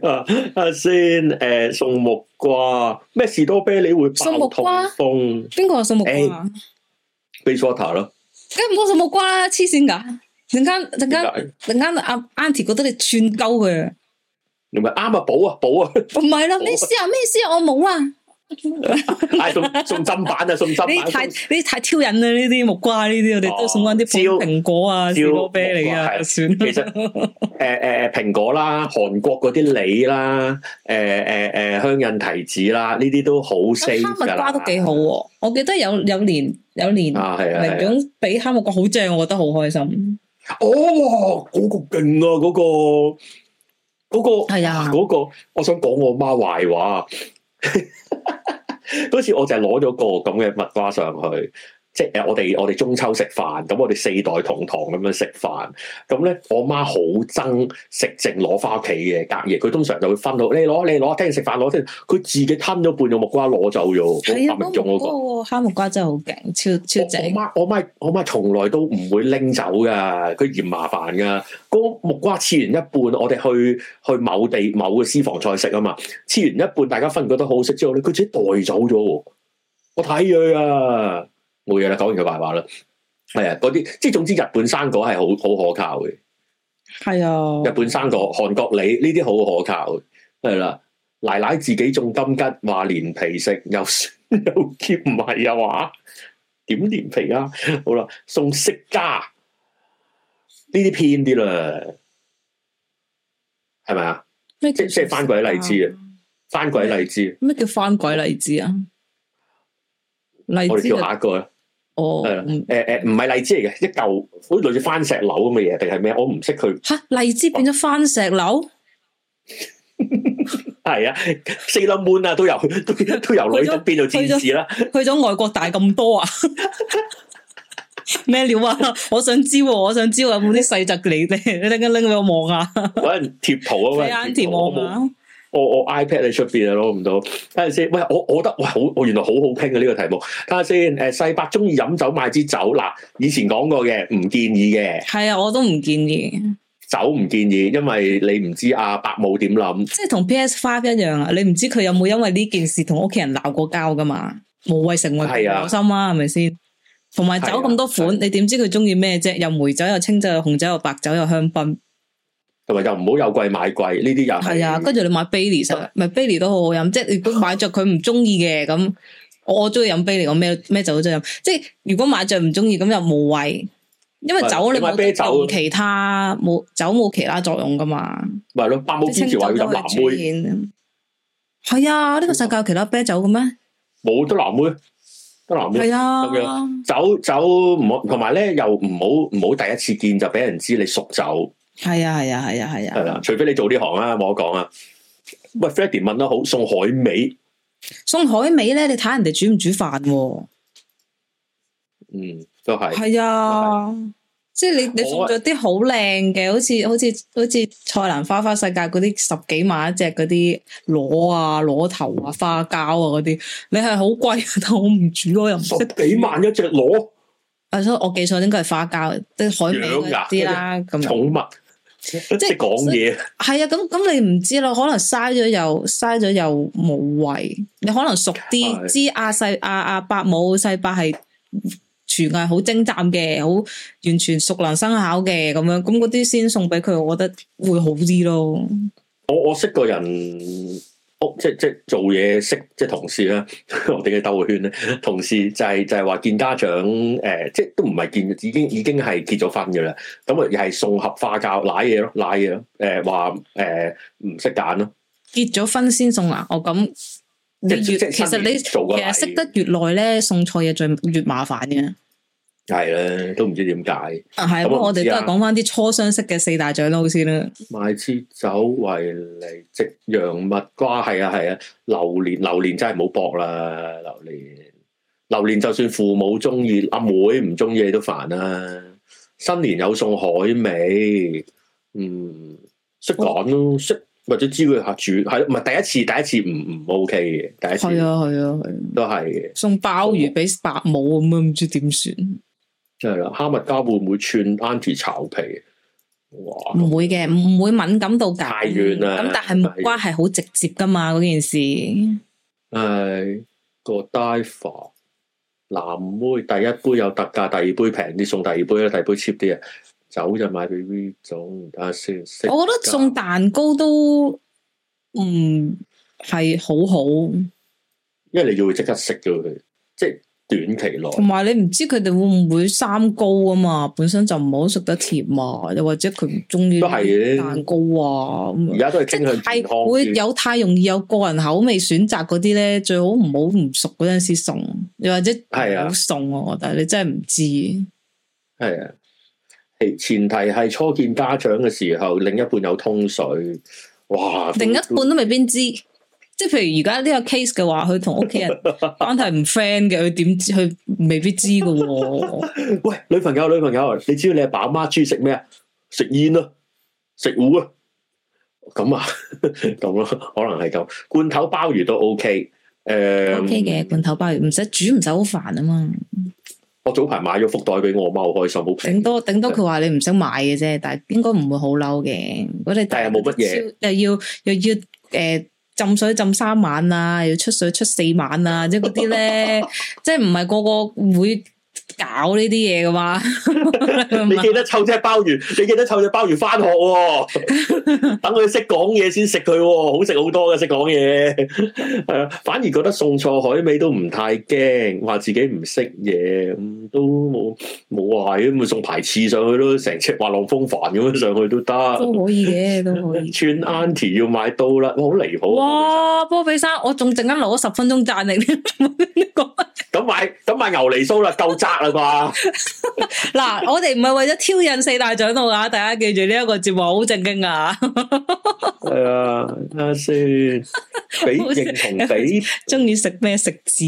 啊，啊，啊！先誒、呃，送木瓜咩，士多啤梨會痛痛，送木瓜送？邊個、欸、送木瓜啊？Be sure 啦！梗唔好送木瓜啦！黐線噶！陣間，陣間，陣間，阿 Auntie 覺得你串鳩佢，你咪啱啊！補啊！補啊！唔係啦！咩思啊？咩思啊？我冇啊！送 砧板啊！送砧板、啊，你太你太挑釁啦！呢啲還木瓜呢啲我哋都送翻啲蘋果啊、蘋燒果啤梨噶、啊。算了 其實誒誒蘋果啦、韓國嗰啲梨啦、誒誒誒香印提子啦，呢啲都好鮮噶啦。哈密瓜都幾好，啊，我記得有有年有年，林總俾哈密瓜好正，我覺得好開心。哦，嗰、那個勁啊，嗰、那個嗰、那個係啊，嗰、那個、那個那個那個那個、我想講我媽壞話。 嗰 次我就係攞咗個咁嘅蜜瓜上去。即係我哋我哋中秋食飯，咁我哋四代同堂咁樣食飯，咁咧我媽好憎食剩攞翻屋企嘅隔夜，佢通常就會分到你攞你攞聽日食飯攞聽，佢自己吞咗半個木瓜攞走咗，百的米種、那個。黑木，木瓜真係好勁，超超正。我媽我媽我媽從來都唔會拎走噶，佢嫌麻煩噶。個木瓜切完一半，我哋去去某地某個私房菜食啊嘛，切完一半大家分覺得好食之後咧，佢自己袋走咗。我睇佢啊！冇嘢啦，講完佢壞話啦，係啊，嗰啲即係總之日本生果係好好可靠嘅，係啊，日本生果、韓國梨呢啲好可靠，係啦、啊，奶奶自己種金桔，話連皮食又酸 又甜、啊，唔係又話？點連皮啊？好啦，送釋迦呢啲偏啲啦，係咪啊？咩叫即係番鬼荔枝啊！番鬼荔枝？咩叫番鬼荔枝啊？荔枝？我哋叫下一個啦。哦，係啦，唔，誒誒，唔係荔枝嚟嘅，一嚿好似類似番石榴咁嘅嘢，定係咩？我唔識佢。吓，荔枝變咗番石榴？係 啊，四粒 m 啊，都有，都都由女中變做天使啦，去咗外國大咁多啊？咩料啊？我想知，我想知，我想知，有冇啲細節嚟咧？ 你等陣間拎俾我望下。搵 人貼圖啊！搵人貼我。我我 iPad 喺出邊啊，攞唔到。睇下先，喂，我我覺得，喂，好，我原來好好傾嘅呢個題目。睇下先，誒，世伯中意飲酒買支酒，嗱，以前講過嘅，唔建議嘅。係啊，我都唔建議。酒唔建議，因為你唔知阿伯、啊、母點諗。即係同 PS Five 一樣啊，你唔知佢有冇因為呢件事同屋企人鬧過交噶嘛？無謂成為唔開心啊，係咪先？同埋酒咁多款，啊、你點知佢中意咩啫？又梅酒，又清酒，又紅酒，又白酒，又香檳。同埋又唔好有貴買貴，呢啲又係啊，跟住你買 Beary、嗯、實唔係 Beary 都好好飲，即係如果買着佢唔中意嘅，咁，我我中意飲 Beary 個咩咩酒都飲，即係如果買着唔中意咁又無謂，因為酒你、啊、買啤酒，酒其他冇酒冇其他作用噶嘛，咪咯、啊，八寶堅持話要飲藍妹。係啊，呢、這個世界有其他啤酒嘅咩？冇得藍妹。得藍妹。係啊，酒酒唔同埋咧又唔好唔好第一次見就俾人知你熟酒。係啊係啊係啊係啊！係啦、啊，啊、除非你做呢行啊，冇得講啊。喂，Freddy 問得好，送海味，送海味咧？你睇人哋煮唔煮飯、啊？嗯，都係。係啊，是即係你你送咗啲、啊、好靚嘅，好似好似好似菜蘭花花世界嗰啲十幾萬一隻嗰啲螺啊螺頭啊花膠啊嗰啲，你係好貴，但我唔煮咯，又唔送。幾萬一隻螺？啊，所以我記錯應該係花膠、啲海味啲啦，咁寵、啊、物。即係講嘢，係啊，咁咁你唔知咯，可能嘥咗又嘥咗又冇謂，你可能熟啲，知阿世阿阿伯母世伯係全係好精湛嘅，好完全熟能生巧嘅咁樣，咁嗰啲先送俾佢，我覺得會好啲咯。我我識個人。屋、哦、即係即係做嘢識即係同事啦，我哋嘅兜圈咧，同事就係、是、就係、是、話見家長誒、呃，即係都唔係見，已經已經係結咗婚噶啦，咁啊又係送盒花膠瀨嘢咯，瀨嘢咯，誒話誒唔識揀咯，呃、結咗婚先送啊，我咁，越即其實你做其實識得越耐咧，送錯嘢最越麻煩嘅。係啦，都唔知點解。係，不過我哋都係講翻啲初相識嘅四大長老先啦。買支酒為禮，夕張蜜瓜係啊係啊，榴蓮榴蓮真係冇搏啦，榴蓮榴蓮就算父母中意，阿妹唔中意你都煩啦。新年有送海味，嗯，識講咯，識或者招下主係唔係第一次，第一次唔唔 OK 嘅，第一次係啊係啊，都係送鮑魚俾伯母咁樣，唔知點算。係啦，哈密瓜會唔會串 auntie 炒皮？哇，唔會嘅，唔會敏感到咁。太遠啦，咁但係木瓜係好直接噶嘛嗰件事。係、哎、個 dai 房，藍妹第一杯有特價，第二杯平啲送第二杯啦，第二杯 cheap 啲啊，酒就買俾 V 總。等下先，我覺得送蛋糕都唔係好好，因為你要即刻食咗佢，即係。短期內，同埋你唔知佢哋會唔會三高啊嘛，本身就唔好食得甜啊，又或者佢唔中意蛋糕啊。而家都係傾向健康。即係會有太容易有個人口味選擇嗰啲咧，嗯、最好唔好唔熟嗰陣時送，又或者唔好送、啊。啊、我覺得你真係唔知。係啊，前前提係初見家長嘅時候，另一半有通水。哇！另一半都未必知。即係譬如而家呢個 case 嘅話，佢同屋企人關係唔 friend 嘅，佢點知佢未必知㗎喎、啊？ 喂，女朋友女朋友，你知道你阿爸阿媽中意食咩啊？食煙咯，食糊咯，咁啊，咁咯、啊， 可能係咁。罐頭鮑魚都 OK，誒，OK 嘅罐頭鮑魚唔使煮，唔使好煩啊嘛。我早排買咗福袋俾我，我好開心。頂多頂多佢話你唔想買嘅啫，但係應該唔會好嬲嘅。我哋但係冇乜嘢，又要又要誒。要要呃浸水浸三晚啊，又出水出四晚啊，即係嗰啲咧， 即係唔係個個會。搞呢啲嘢噶嘛？ 你記得湊隻鮑魚，你記得湊隻鮑魚返學，喔， 等佢識講嘢先食佢，好食好多嘅。識講嘢，係啊，反而覺得送錯海味都唔太驚，話自己唔識嘢咁都冇冇話咁，送排翅上去都成隻，話龍風帆咁樣上去都得，都可以嘅，都可以。串 Auntie 要買刀啦，好離譜，啊！哇，波比山，比山我仲陣間留咗十分鐘讚你，你 講咁買咁買牛脷酥 啦，夠窄啦啩？嗱，我哋唔係為咗挑釁四大長老啊，大家記住呢一個節目好正經 啊。係 是啊，睇下先。俾認同，俾中意食咩食字？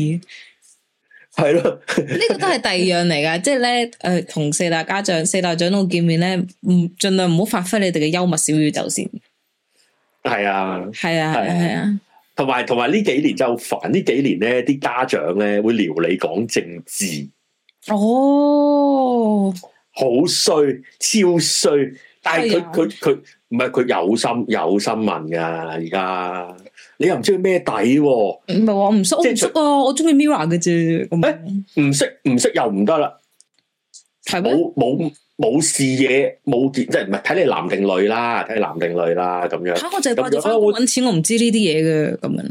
係咯。呢個都係第二樣嚟㗎，即係咧，誒、呃，同四大家長、四大長老見面咧，唔盡量唔好發揮你哋嘅幽默小宇宙先。係啊，係啊，係啊。同埋同埋呢幾年就煩呢幾年咧，啲家長咧會撩你講政治哦，好衰超衰，但係佢佢佢唔係佢有心有心問噶，而家你又唔知佢咩底喎、啊？唔係話唔識，我唔識、就是、啊，我中意 Mirror 嘅啫，誒，唔識唔識又唔得啦，係冇冇。冇視嘢，冇見即係唔係睇你男定女啦、啊，睇你男定女啦、啊、咁樣。吓、啊，我就係覺得翻揾錢，我唔知呢啲嘢嘅咁樣。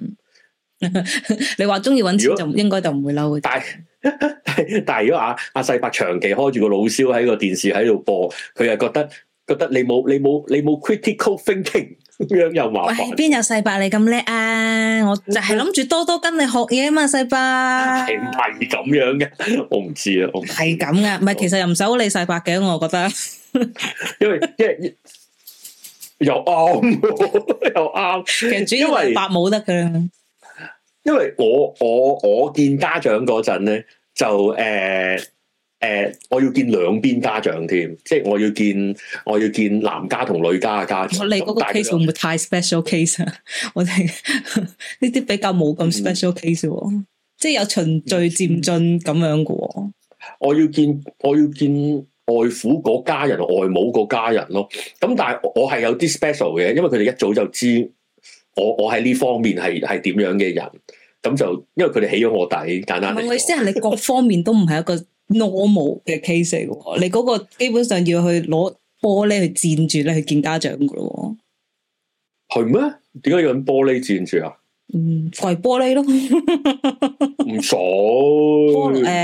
你話中意揾錢就應該就唔會嬲，但但但係如果阿阿、啊啊、世伯長期開住個老蕭喺個電視喺度播，佢又覺得覺得你冇你冇你冇 critical thinking。邊樣 又麻煩？邊有世伯你咁叻啊！我就係諗住多多跟你學嘢啊嘛，世伯係唔係咁樣嘅？我唔知啊，我係咁噶，唔係 其實又唔使好理世伯嘅，我覺得因為即係又啱又啱，其實主要為白冇得噶。因為我我我，我見家長嗰陣咧，就誒。呃誒，uh, 我要見兩邊家長添，即係我要見我要見男家同女家嘅家長。我你嗰個 case 會唔會太 special case 啊？我哋呢啲比較冇咁 special case 喎，嗯、即係有循序漸進咁樣嘅、啊。我要見我要見外父個家人、外母個家人咯。咁但係我係有啲 special 嘅，因為佢哋一早就知我我喺呢方面係係點樣嘅人，咁就因為佢哋起咗我底，簡單嚟講，意思係你各方面都唔係一個。 normal 嘅 case 嚟，你嗰個基本上要去攞玻璃去墊住咧去見家長噶咯喎，係咩？點解要攞玻璃墊住啊？嗯，跪、就是、玻璃咯，唔 使，唔使。嗯、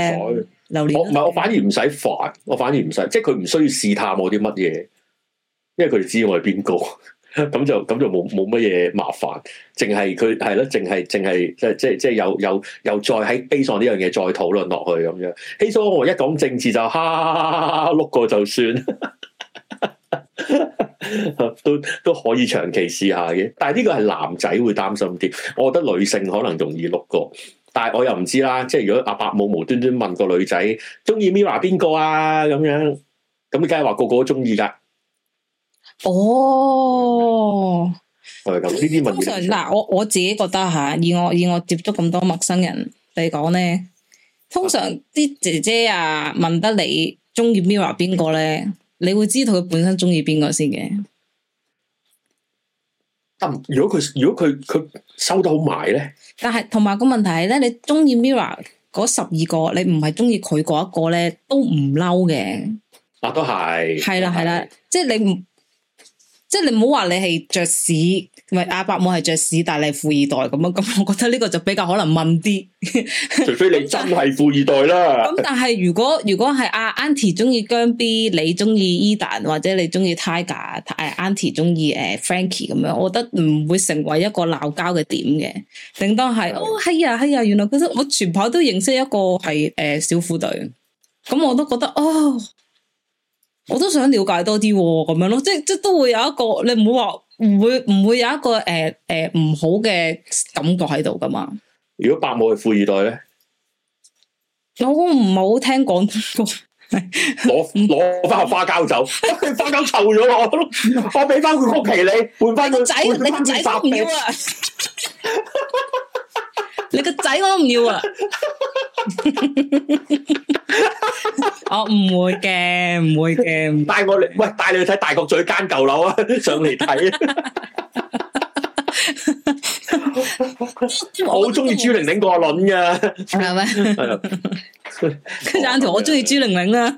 我唔係我反而唔使煩，我反而唔使，即係佢唔需要試探我啲乜嘢，因為佢哋知我係邊個。咁就咁就冇冇乜嘢麻煩，淨係佢係咯，淨係淨係即係即係即係有有又再喺悲喪呢樣嘢再討論落去咁樣。起初我一講政治就哈哈碌過就算哈哈，都都可以長期試下嘅。但係呢個係男仔會擔心啲，我覺得女性可能容易碌過，但係我又唔知啦。即係如果阿伯母無端端問個女仔中意 MIRROR 邊個啊咁樣，咁你梗係話個個都中意㗎。哦，我哋咁呢啲，通常嗱，我我自己覺得吓、啊，以我以我接觸咁多陌生人嚟講咧，通常啲、啊、姐姐啊問得你中意 mirror 邊個咧，你會知道佢本身中意邊個先嘅。得，如果佢如果佢佢收得好埋咧，但係同埋個問題係咧，你中意 mirror 嗰十二個，你唔係中意佢嗰一個咧，都唔嬲嘅。啊，都係，係啦係啦，即係你唔。即係你唔好話你係着屎，係阿伯冇係着屎，但係你係富二代咁啊！咁我覺得呢個就比較可能問啲， 除非你真係富二代啦。 咁但係如果如果係阿 Auntie 中意姜 B，你中意 Edan 或者你中意 Tiger，誒、啊、Auntie 中意誒 Frankie 咁樣，我覺得唔會成為一個鬧交嘅點嘅，頂多係哦係啊係啊，原來佢都我全排都認識一個係誒、呃、小虎隊，咁我都覺得哦。我都想了解多啲咁、哦、樣咯，即係即係都會有一個，你唔會話唔會唔會有一個誒誒唔好嘅感覺喺度㗎嘛？如果伯母係富二代咧，我唔好聽講過， 攞攞翻個花膠走，佢花膠臭咗我咯，我俾翻佢屋企，你，換翻佢，你仔你仔唔要啊！ 你個仔我都唔要啊！ 我唔會嘅，唔會嘅。唔帶我嚟，喂，帶你去睇大角咀間舊樓啊，上嚟睇。 我好中意朱玲玲個阿倫嘅、 嗯，係 咪、嗯？佢贊同我中意朱玲玲啊！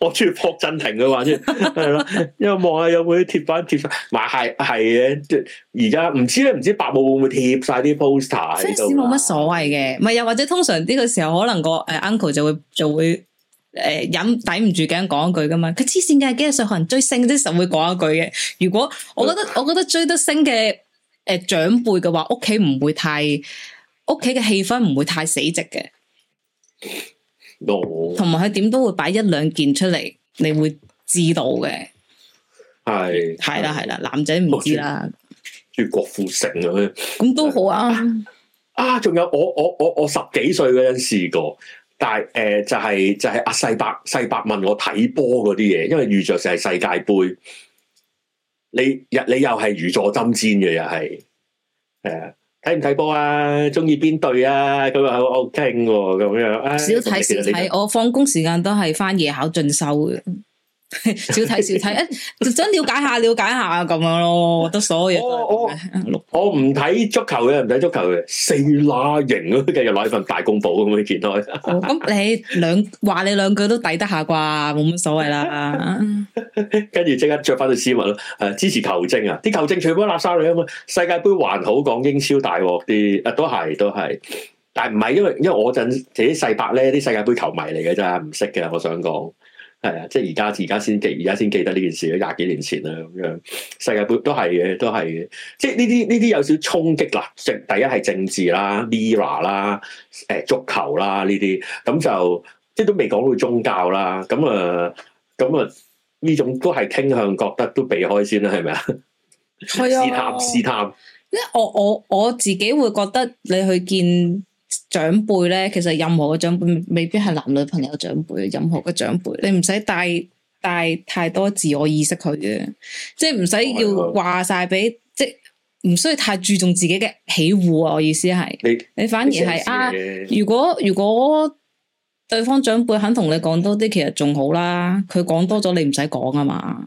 我中意霍震霆嘅話先係啦。又望下有冇啲鐵板貼埋馬鞋，係嘅。而家唔知唔知白寶會唔會貼晒啲 poster 喺度。fans 冇乜所謂嘅，唔係又或者通常呢個時候可能個誒、呃、uncle 就會就會。誒，忍抵唔住咁樣講一句㗎嘛。佢黐線嘅，幾多歲可能追星啲就會講一句嘅。如果我覺得， 我覺得追得星嘅誒長輩嘅話，屋企唔會太，屋企嘅氣氛唔會太死寂嘅。哦好，同埋佢點都會擺一兩件出嚟，你會知道嘅。係係啦，係啦，男仔唔知啦。似郭富城咁樣，咁都好啊。啊，仲、啊、有我我我我，我，我十幾歲嗰陣試過。但係誒、呃、就係、是、就係、是、阿、啊、世伯世伯問我睇波嗰啲嘢，因為預着就係世界盃，你日你，你又係如坐針氈嘅又係，係睇唔睇波啊？中意邊隊啊？咁、OK、啊好傾喎，咁樣啊、哎、少睇看少睇看，看我放工時間都係返夜考進修嘅。少睇少睇，誒、 啊，想了解下了解下咁樣咯 我覺得所有嘢我唔睇足球嘅，唔睇足球嘅，四拉型咯，繼續攞份大公報咁樣揭開。咁你兩話你兩句都抵得下啩，冇乜所謂啦。跟住即刻着翻啲絲襪咯。誒、嗯嗯嗯 啊，支持球證啊，啲球證全部垃圾女啊嘛。世界杯還好講英超大鑊啲，啊，都係都係，但係唔係因為因為我陣自己細伯咧啲世界杯球迷嚟嘅咋，真係唔識嘅，我想講。係啊，即係而家而家先記，而家先記得呢件事咧，廿幾年前啦，咁樣。世界盃都係嘅，都係嘅。即係呢啲呢啲有少衝擊啦。政第一係政治啦，MIRROR 啦，誒足球啦呢啲，咁就即係都未講到宗教啦。咁啊咁啊呢種都係傾向覺得都避開先啦，係咪啊？係啊，試探試探，因為我我我自己會覺得你去見。長輩咧，其實任何嘅長輩未必係男女朋友長輩，任何嘅長輩，你唔使帶帶太多自我意識佢，嘅，即係唔使要話晒俾，即係唔需要太注重自己嘅喜惡啊。我意思係，你你反而係啊。如果如果對方長輩肯同你講多啲，其實仲好啦。佢講多咗，你唔使講啊嘛。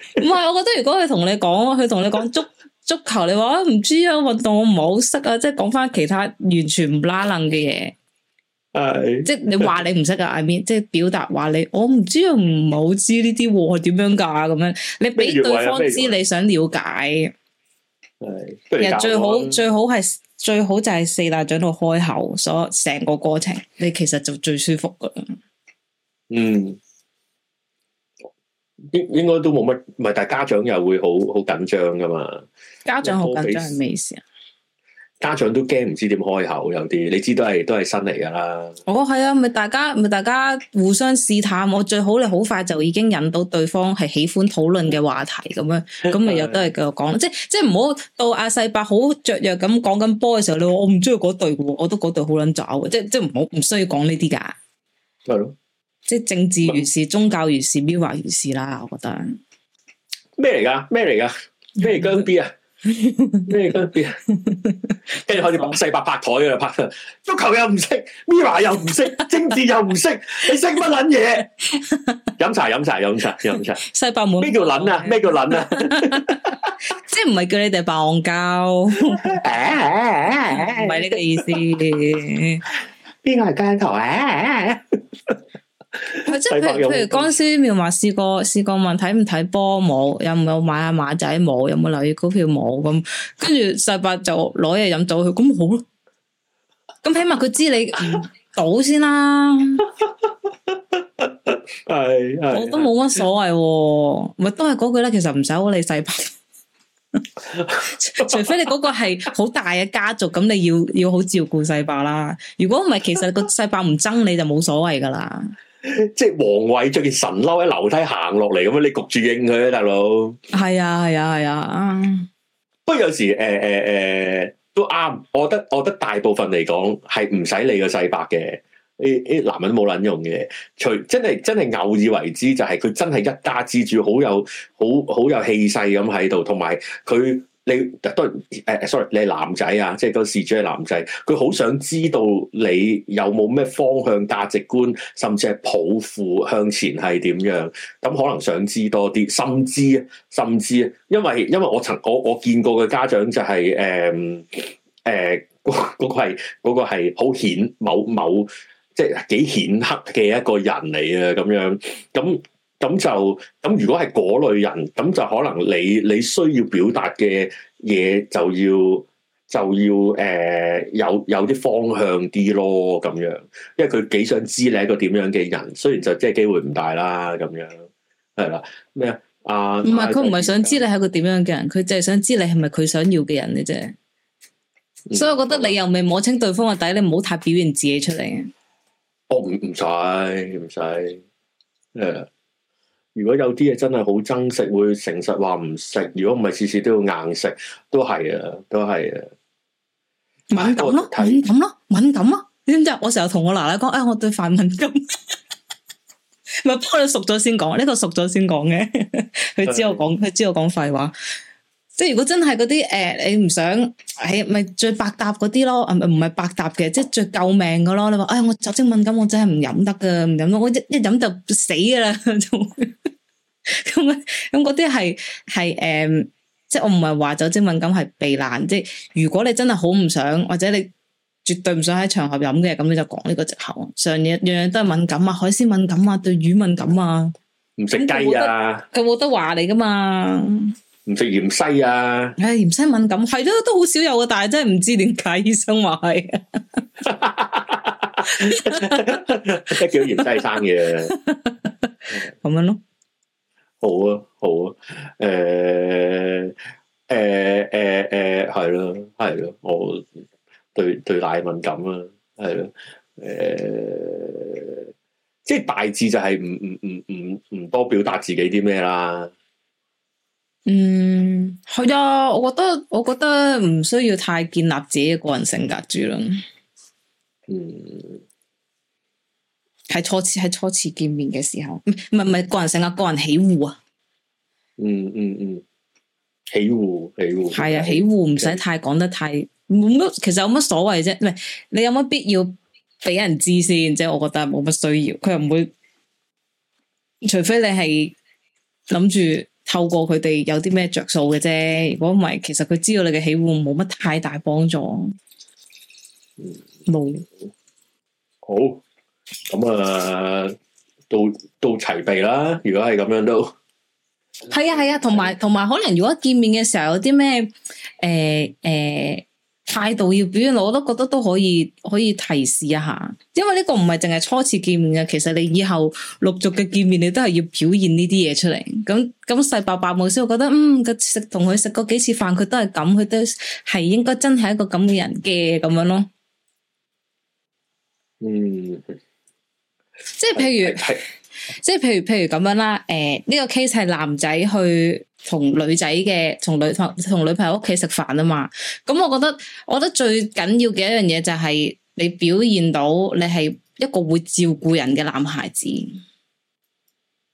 唔係， 我覺得如果佢同你講，佢同你講足足球， 球你話唔知啊，運動我唔好識啊，即係講翻其他完全唔拉楞嘅嘢。係、 啊，即係你話你唔識噶 I mean，即係表達話你我唔知啊，唔好知呢啲點樣噶咁樣。你俾對方知你想了解。係。其實最好最好係最好就係四大長老開口，所成個過程你其實就最舒服噶啦。嗯。應應該都冇乜，唔係，但係家長又會好好緊張噶嘛？家長好緊張係咩意思啊？家長都驚唔知點開口，有啲你知都係都係新嚟噶啦。哦，係啊，咪、就是、大家咪、就是、大家互相試探，我最好你好快就已經引到對方係喜歡討論嘅話題咁樣，咁咪又都係繼續講、啊。即係即係唔好到阿世伯好雀躍咁講緊波嘅時候，你話我唔中意嗰對嘅，我都嗰對好撚渣嘅，即係即係唔好唔需要講呢啲噶。係咯、啊。即係政治如是，宗教如是，Mirror 如是啦。我覺得咩嚟噶？咩嚟噶？咩姜 B 啊？咩姜 B 啊？跟住開始講，世伯拍台啊，拍足球又唔識，Mirror 又唔識，政治又唔識，你識乜捻嘢？飲茶飲茶飲茶飲茶。世伯滿咩叫捻啊？咩叫捻啊？ 即係唔係叫你哋扮憨交？唔係呢個意思。邊個係姜濤？啊？ 啊、即係譬如譬如，剛先妙華試過試過問睇唔睇波冇？有唔有買下馬仔冇？有冇留意股票冇？咁，跟住世伯就攞嘢飲酒佢咁好咯。咁起碼佢知你賭先啦。係 我都冇乜所謂、啊，咪都係嗰句咧。其實唔使好理世伯，除非你嗰個係好大嘅家族，咁你要要好照顧世伯啦。如果唔係，其實個世伯唔憎你就冇所謂噶啦。即係王偉着件神褸喺樓梯行落嚟咁啊！你焗住應佢啊，大佬。係啊係啊係啊，不過有時誒誒誒都啱。我覺得我覺得大部分嚟講係唔使理個細伯嘅，啲啲男人冇撚用嘅。除真係真係偶爾為之，就係佢真係一家之主，好有好好有氣勢咁喺度，同埋佢。你都誒，sorry，你係男仔啊，即係嗰事主係男仔，佢好想知道你有冇咩方向價值觀，甚至係抱負向前係點樣，咁可能想知多啲，甚至甚至，因為因為我曾我我見過嘅家長就係誒誒嗰個係嗰個係好顯某某即係幾顯赫嘅一個人嚟啊，咁樣咁。咁就咁，如果係嗰類人，咁就可能你你需要表達嘅嘢就要就要誒、呃、有有啲方向啲咯，咁樣，因為佢幾想知你係個點樣嘅人，雖然就即係機會唔大啦，咁樣係啦。咩啊？唔係佢唔係想知你係個點樣嘅人，佢淨係想知你係咪佢想要嘅人咧啫。所以、嗯、我覺得你又未摸清對方嘅底，你唔好太表現自己出嚟、嗯嗯嗯。哦，唔唔使唔使誒。如果有啲嘢真係好憎食，會誠實話唔食。如果唔係，次次都要硬食，都係啊，都係啊。敏感咯，敏感咯，敏感咯。你知唔知啊？我成日同我奶奶講，誒、哎，我對飯敏感。咪係，不過你熟咗先講，呢、呢個熟咗先講嘅。佢 知我講，佢的知我講廢話。即係如果真係嗰啲，誒、欸，你唔想，係、欸、咪、就是、最百搭嗰啲咯？唔唔係百搭嘅，即、就、係、是、最救命噶咯。你話，哎，我酒精敏感，我真係唔飲得噶，唔飲得，我一一飲就死噶啦。咁 咁、嗯，嗰啲係係誒，即係我唔係話酒精敏感係避難，即係如果你真係好唔想，或者你絕對唔想喺場合飲嘅，咁你就講呢個借口。上嘢樣樣都係敏感，鮮敏感，敏感、嗯、啊，海鮮敏感啊，對魚敏感啊，唔食雞啊，佢冇得話你噶嘛。唔食芫茜啊！唉，芫茜敏感係咯，都好少有啊。但係真係唔知點解醫生話係，即叫芫茜生嘅，咁樣咯。好啊，好啊。誒，誒，誒，誒，係咯，係咯。我對對奶敏感啦，係咯。誒，即係大致就係唔唔唔唔唔多表達自己啲咩啦。嗯，係啊，我覺得，我覺得唔需要太建立自己嘅個人性格住啦。嗯，係初次喺初次見面嘅時候，唔係唔係，個人性格，個人喜惡啊。嗯嗯嗯，喜惡喜惡，係啊，喜惡唔使太講得太冇乜，其實有乜所謂啫？唔係你有乜必要俾人知先？即係我覺得冇乜需要，佢又唔會，除非你係諗住。透過佢哋有啲咩着數嘅啫，如果唔係，其實佢知道你嘅起戶冇乜太大幫助，冇。好，咁啊，到到齊備啦。如果係咁樣都，係啊係啊，同埋同埋，可能如果見面嘅時候有啲咩，誒、呃、誒。呃態度要表現，我都覺得都可以，可以提示一下。因為呢個唔係淨係初次見面嘅，其實你以後陸續嘅見面，你都係要表現呢啲嘢出嚟。咁咁世伯伯冇錯，我覺得嗯，食同佢食過幾次飯，佢都係咁，佢都係應該真係一個咁嘅人嘅咁樣咯。嗯，即係譬如。嗯嗯嗯嗯即係譬如，譬如咁樣啦，誒、呃、呢、呢個 case 係男仔去同女仔嘅，同女朋同女朋友屋企食飯啊嘛。咁我覺得，我覺得最緊要嘅一樣嘢，就係你表現到你係一個會照顧人嘅男孩子。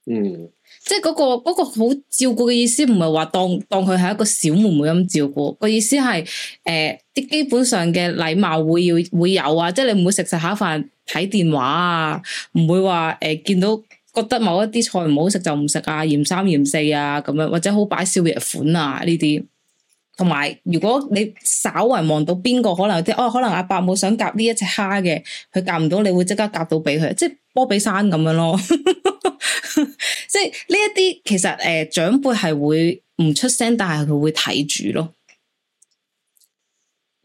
嗯，即係、嗰、嗰個、嗰個好照顧嘅意思，唔係話當當佢係一個小妹妹咁照顧，個意思係誒，啲、呃、基本上嘅禮貌會要會有啊，即係你唔會食食下飯睇電話啊，唔會話誒、呃、見到。覺得某一啲菜唔好食就唔食啊，嫌三嫌四啊咁樣，或者好擺少爺款啊呢啲，同埋如果你稍為望到邊個可能有啲哦、啊，可能阿伯母想夾呢一隻蝦嘅，佢夾唔到你，你會即刻夾到俾佢，即係波比山咁樣咯，即係呢一啲其實誒、呃、長輩係會唔出聲，但係佢會睇住咯，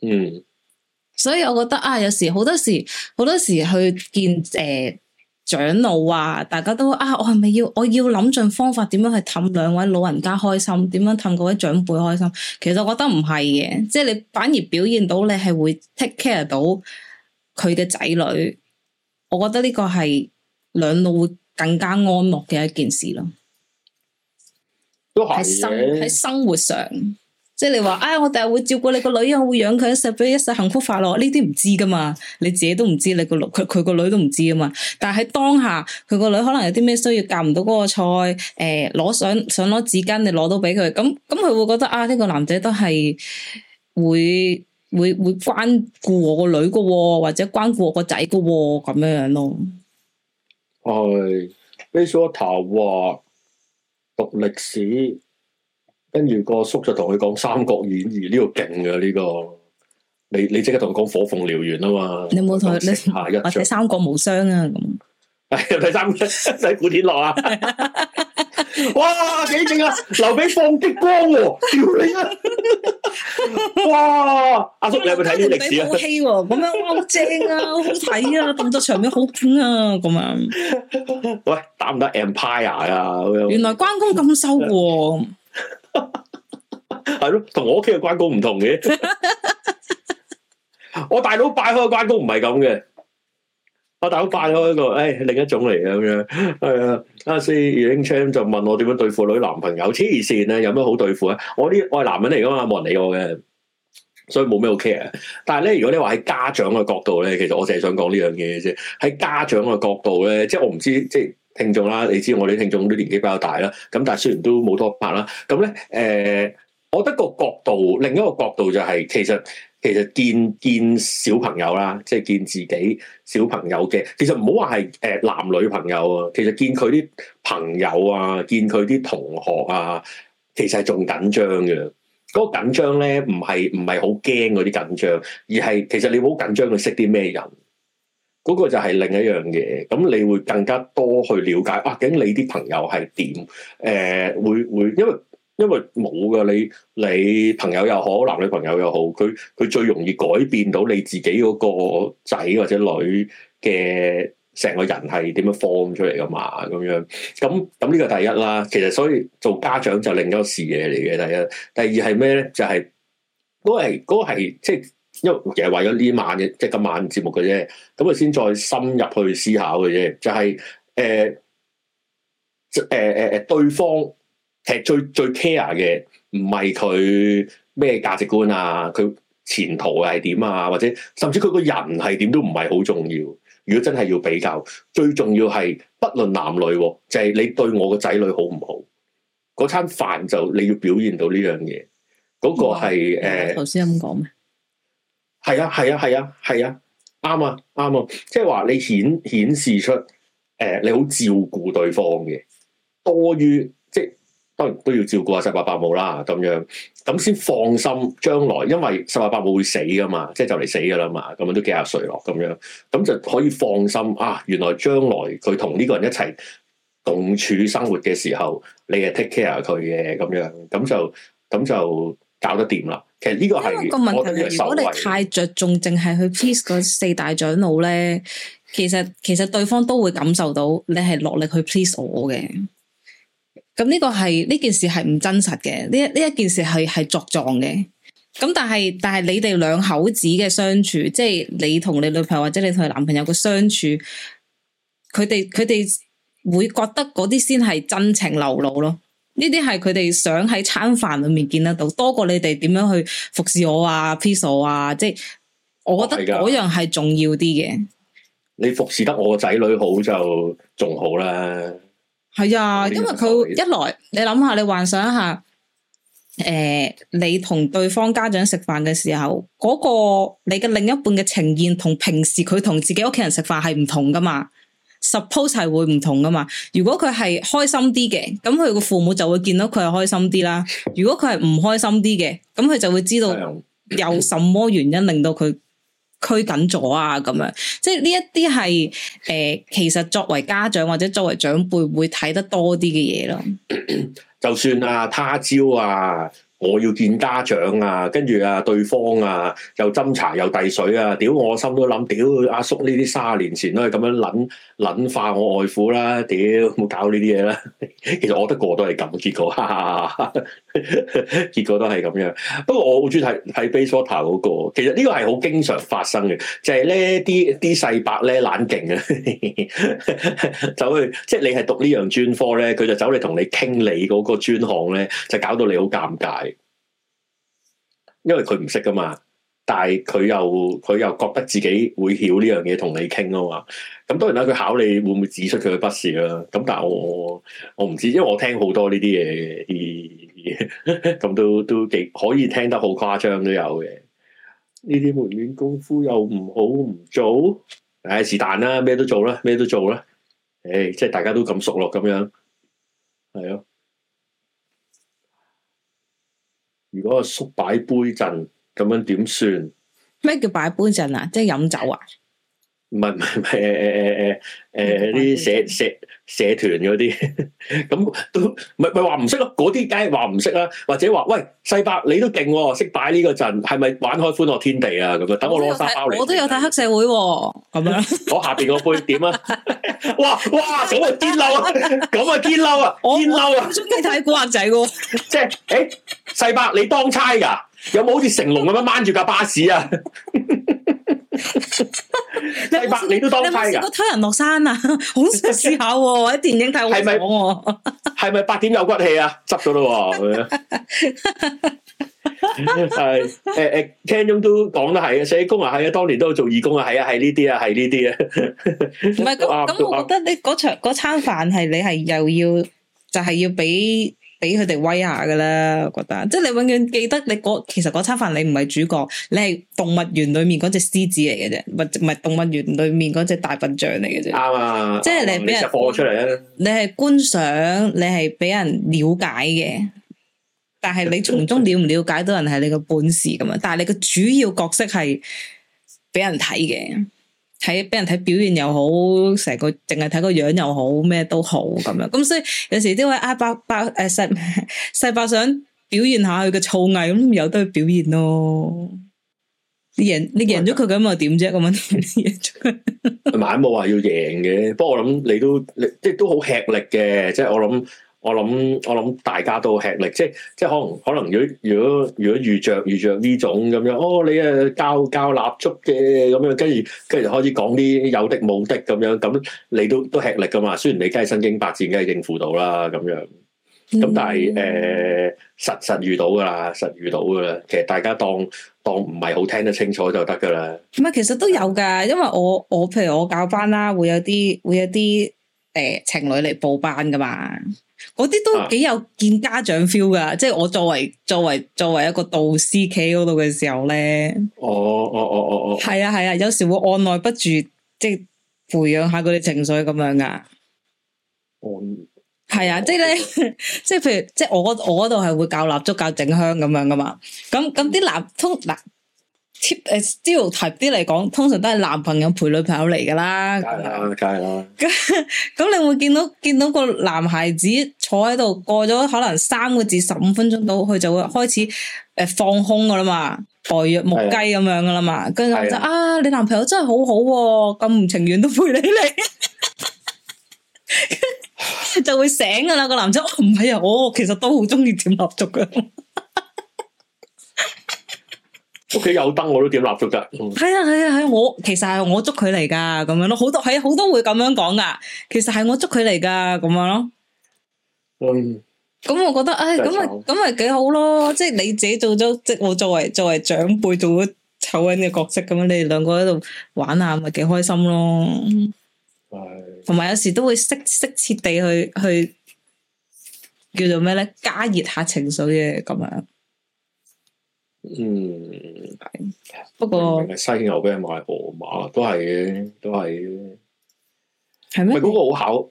嗯，所以我覺得啊，有時好多時好多時去見誒。呃長老啊，大家都啊，我係咪要我要諗盡方法點樣去氹兩位老人家開心，點樣氹各位長輩開心？其實我覺得唔係嘅，即係你反而表現到你係會 take care 到佢嘅仔女，我覺得呢個係兩老會更加安樂嘅一件事咯。都係嘅，喺生活上。即係你話，啊、哎，我第日會照顧你個女，我會養佢一世，俾一世幸福快樂。呢啲唔知噶嘛，你自己都唔知，你個女佢佢個女都唔知噶嘛。但係喺當下，佢個女可能有啲咩需要，夾唔到嗰個菜，誒、呃，攞上想攞紙巾你，你攞到俾佢，咁咁佢會覺得啊，呢個男仔都係會會會關顧我個女噶，或者關顧我個仔噶，咁樣樣咯唉。係，呢個頭話讀歷史。跟住個叔就同佢講《三國演義》呢個勁嘅呢個，你你即刻同佢講《火鳳燎原》啊嘛，你冇同佢，或者三角無、啊《三國無雙》啊咁。哎，第三部睇《古天樂》啊！哇，幾正啊！留俾放激光喎，屌你啊！哇、啊，阿、 啊、叔 你有冇睇歷史戲、啊？咁 樣好正啊，好睇啊，動作場面好勁啊，咁、那、啊、個。喂，打唔得 Empire 啊？樣 原來關公咁瘦喎、啊！ 係咯， 我同我屋企嘅關公唔同嘅。我大佬擺開個關公唔係咁嘅，我大佬擺開一個，誒、哎，另一種嚟嘅咁樣。係、哎、啊，阿 Sir y c h a 就問我點樣對付女男朋友，黐線啊！有咩好對付咧、啊？我啲，我係男人嚟噶嘛，冇人理我嘅，所以冇咩好 care。但係咧，如果你話喺家長嘅角度咧，其實我淨係想講呢樣嘢啫。喺家長嘅角度咧，即係我唔知即係。聽眾啦，你知道我哋啲聽眾都年紀比較大啦，咁但係雖然都冇拖拍啦，咁咧誒，我覺得個角度另一個角度就係、是、其實其實見見小朋友啦，即係見自己小朋友嘅，其實唔好話係誒男女朋友啊，其實見佢啲朋友啊，見佢啲同學啊，其實係仲緊張嘅。嗰、那個緊張咧，唔係唔係好驚嗰啲緊張，而係其實你好緊張佢識啲咩人。嗰個就係另一樣嘢，咁你會更加多去了解啊！究竟你啲朋友係點？誒、呃，會會，因為因為冇噶，你你朋友又好，男女朋友又好，佢佢最容易改變到你自己嗰個仔或者女嘅成個人係點樣 form 出嚟噶嘛？咁樣咁咁呢個第一啦。其實所以做家長就另一個視野嚟嘅。第一，第二係咩咧？就係嗰個係嗰個係即係。因為其實為咗呢晚嘅即係今晚節目嘅啫，咁佢先再深入去思考嘅啫，就係、是、誒，誒誒誒，對方其實最最 care 嘅唔係佢咩價值觀啊，佢前途係點啊，或者甚至佢個人係點都唔係好重要。如果真係要比較，最重要係不論男女，就係、是、你對我個仔女好唔好，嗰餐飯就你要表現到呢樣嘢，嗰、那個係誒。頭先咁講咩？呃係啊，係啊，係啊，係啊，啱啊，啱啊，即係話你顯顯示出誒，你好照顧對方嘅，多於即係，當然都要照顧下十八八母啦，咁樣咁先放心將來，因為十八八母會死噶嘛，即係就嚟死噶啦嘛，咁樣都幾廿歲咯，咁樣咁就可以放心啊，原來將來佢同呢個人一齊共處生活嘅時候，你係 take care 佢嘅咁樣，咁就咁就。搞得掂啦，其實呢個係個問題。如果你太着重淨係去 please 個四大長老咧，其實其實對方都會感受到你係落力去 please 我嘅。咁、嗯、呢、呢個係呢件事係唔真實嘅，呢呢一件事係係作狀嘅。咁、嗯、但係但係你哋兩口子嘅相處，即係你同你女朋友或者你同你男朋友嘅相處，佢哋佢哋會覺得嗰啲先係真情流露咯。呢啲係佢哋想喺餐飯裏面見得到，多過你哋點樣去服侍我啊，Pisa 啊，即係我覺得嗰樣係重要啲嘅。你服侍得我仔女好就仲好啦。係啊，因為佢一來，你諗下，你幻想一下，誒、呃，你同對方家長食飯嘅時候，嗰、嗰個你嘅另一半嘅呈現，同平時佢同自己屋企人食飯係唔同噶嘛。Suppose 係會唔同噶嘛？如果佢係開心啲嘅，咁佢個父母就會見到佢係開心啲啦。如果佢係唔開心啲嘅，咁佢就會知道有什麼原因令到佢拘謹咗啊。咁樣，即係呢一啲係誒，其實作為家長或者作為長輩會睇得多啲嘅嘢咯。就算啊，他朝啊。我要見家長啊，跟住啊對方啊又斟茶又遞水啊，屌我心都諗，屌阿叔呢啲卅年前都係咁樣諗諗化我外父啦，屌冇搞呢啲嘢啦。其實我得個都係咁，結果哈哈，結果都係咁樣。不過我好中意睇睇 Base Water 嗰個，其實呢個係好經常發生嘅，就係、是、呢啲啲世伯咧懶勁啊。走去即係你係讀呢樣專科咧，佢就走嚟同你傾你嗰個專項咧，就搞到你好尷尬。因為佢唔識噶嘛，但係佢又佢又覺得自己會曉呢樣嘢同你傾啊嘛，咁當然啦，佢考你會唔會指出佢嘅不是啦，咁但係我我我唔知，因為我聽好多呢啲嘢，咁 都都幾可以聽得好誇張都有嘅，呢啲門面功夫又唔好唔做，唉，是但啦，咩都做啦，咩都做啦，誒、哎、即係大家都咁熟咯咁樣，係咯、啊。如果個縮擺杯陣咁樣點算？咩叫擺杯陣啊？即係飲酒啊？唔係唔係唔係唔係唔係唔係啲社社社團嗰啲咁都唔係唔係話唔識咯？嗰啲梗係話唔識啦。或者話喂，世伯你都勁識擺呢個陣，係咪玩開歡樂天地啊？咁啊，等我攞沙包嚟。我都有睇黑社會咁樣。我下邊個杯點啊？樣 哇哇，咁啊癲嬲啊，咁啊癲嬲啊，癲嬲啊！好中意睇古惑仔喎，即係、啊，誒，世伯你當差噶，有冇好似成龍咁樣掹住架巴士啊？ 你八你都當差噶，偷人落山啊！好，啊，想試下喎，或者電影睇好講喎，係咪八點有骨氣啊？執咗咯，係誒誒，聽眾都講得係啊，社工啊係啊，當年都有做義工啊係啊係呢啲啊係呢啲啊，唔係咁咁，啊啊、 我覺得你嗰場嗰餐飯係你係又要就係、是、要俾。俾佢哋威下噶啦，我覺得即係你永遠記得你其實嗰餐飯你唔係主角，你係動物園裏面嗰隻獅子嚟嘅啫，唔係唔係動物園裏面嗰隻大笨象嚟嘅啫。啱啊，即係你俾人放出嚟咧，你係觀賞，你係俾人了解嘅，但係你從中了唔了解到人係你個本事咁啊，但係你個主要角色係俾人睇嘅。睇俾人睇表現又好，成個淨係睇個樣又好，咩都好咁樣。咁所以有時都位阿伯伯誒細細伯想表現下佢嘅醋藝，咁有得去表現咯。你贏你贏咗佢咁又點啫？咁樣喂，佢冇話要贏嘅。不過我諗你都你即係都好吃力嘅，即係我諗。我諗我諗大家都吃力，即即可能可能如果如果如果遇着遇著呢種咁樣哦，你誒教教蠟燭嘅咁樣，跟住跟住開始講啲有的冇的咁樣，咁你都都吃力噶嘛？雖然你梗係身經百戰，梗係應付到啦咁樣，咁但係誒、嗯呃、實實遇到噶啦，實遇到噶啦。其實大家當當唔係好聽得清楚就得噶啦。唔係，其實都有噶，因為我我譬如我教班啦，會有啲會有啲誒情侶嚟報班噶嘛。嗰啲都幾有見家長 feel 噶，啊、即係我作為作為作為一個導師企嗰度嘅時候咧、哦，哦哦哦哦哦，係、哦、啊係啊，有時會按捺不住，即係培養下佢啲情緒咁、嗯、樣噶，按、嗯，係啊，即係咧，嗯、 即係譬如，即係我我嗰度係會教蠟燭、教整香咁樣噶嘛，咁咁啲蠟通蠟。stereotype 啲嚟講，通常都係男朋友陪女朋友嚟噶啦，梗係啦，梗係啦。咁你會見到見到個男孩子坐喺度過咗可能三個字十五分鐘到，佢就會開始誒放空噶啦嘛，呆若木雞咁樣噶啦嘛。跟住男仔啊，你男朋友真係好好、啊、喎，咁唔情願都陪你嚟， 就會醒噶啦。個男仔，唔、哦、係啊，我其實都好中意點蠟燭噶。 屋企有燈，我都點蠟燭啫。係、嗯、啊係啊係、啊，我其實係我捉佢嚟噶，咁樣咯，好多係好、啊、多會咁樣講噶。其實係我捉佢嚟噶，咁樣咯。咁、嗯、我覺得誒，咁咪咁咪幾好咯。即係你自己做咗，即我作為作為長輩做咗醜人嘅角色，咁樣你哋兩個喺度玩下，咪幾開心咯。係的。同埋有，有時都會適適切地去去，去叫做咩咧，加熱下情緒嘅咁樣。嗯，不過明明西牛俾人話係河馬都係嘅，都係係咩？咪嗰個好考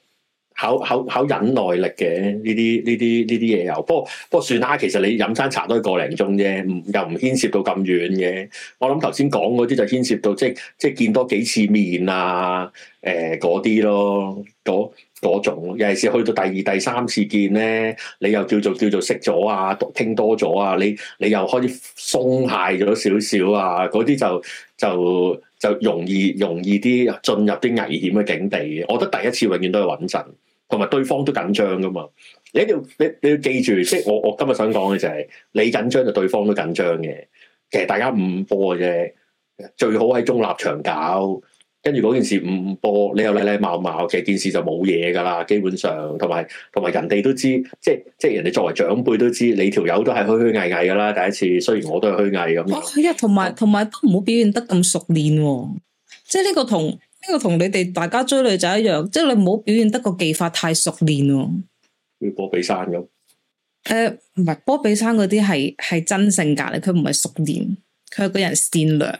考考考忍耐力嘅呢啲呢啲呢啲嘢有，不過不過算啦，其實你飲餐茶都係個零鐘啫，唔又唔牽涉到咁遠嘅。我諗頭先講嗰啲就牽涉到，即係即係見多幾次面啊，誒嗰啲咯，嗰種，尤其是去到第二、第三次見咧，你又叫做叫做識咗啊，傾多咗啊，你你又開始鬆懈咗少少啊，嗰啲就就就容易容易啲進入啲危險嘅境地嘅。我覺得第一次永遠都係穩陣，同埋對方都緊張㗎嘛。你一定要你你要記住，即係我我今日想講嘅就係、是，你緊張就對方都緊張嘅。其實大家五五波嘅啫，最好喺中立場搞。跟住嗰件事唔播，你又禮禮貌貌其實嘅，件事就冇嘢噶啦。基本上，同埋同埋人哋都知，即係即係人哋作為長輩都知，你條友都係虛虛偽偽噶啦。第一次，雖然我都係虛偽咁。係啊、哦，同埋同埋都唔好表現得咁熟練、哦，即係呢個同呢、呢個同你哋大家追女仔一樣，即係你唔好表現得個技法太熟練、哦。好似波比山咁。誒、呃，唔係波比山嗰啲係係真性格，佢唔係熟練，佢係個人善良。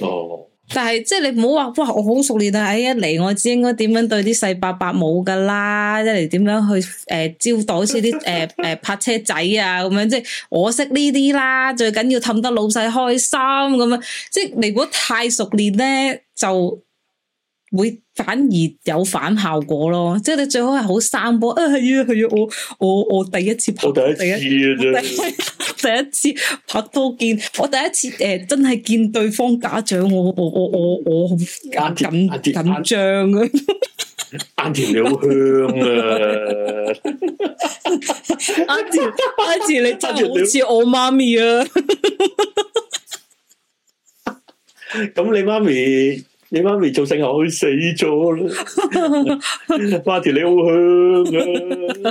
哦。但係即係你唔好話，哇我好熟練啊！誒、哎、一嚟我知應該點樣對啲細伯伯冇噶啦，一嚟點樣去誒、呃、招待好似啲誒誒泊車仔啊咁樣，即係我識呢啲啦。最緊要氹得老細開心咁樣！即係你如果太熟練咧，就會反而有反效果咯。即係你最好係好生波啊！係啊係啊，我我我第一次，拍。第一次 第一次拍拖見，我第一次誒，真係見對方家長，我我我我我好緊緊張啊！阿條你好香啊！阿條阿條，你真係好似我媽咪啊！咁你媽咪，你媽咪做性愛去死咗啦！阿條你好香啊！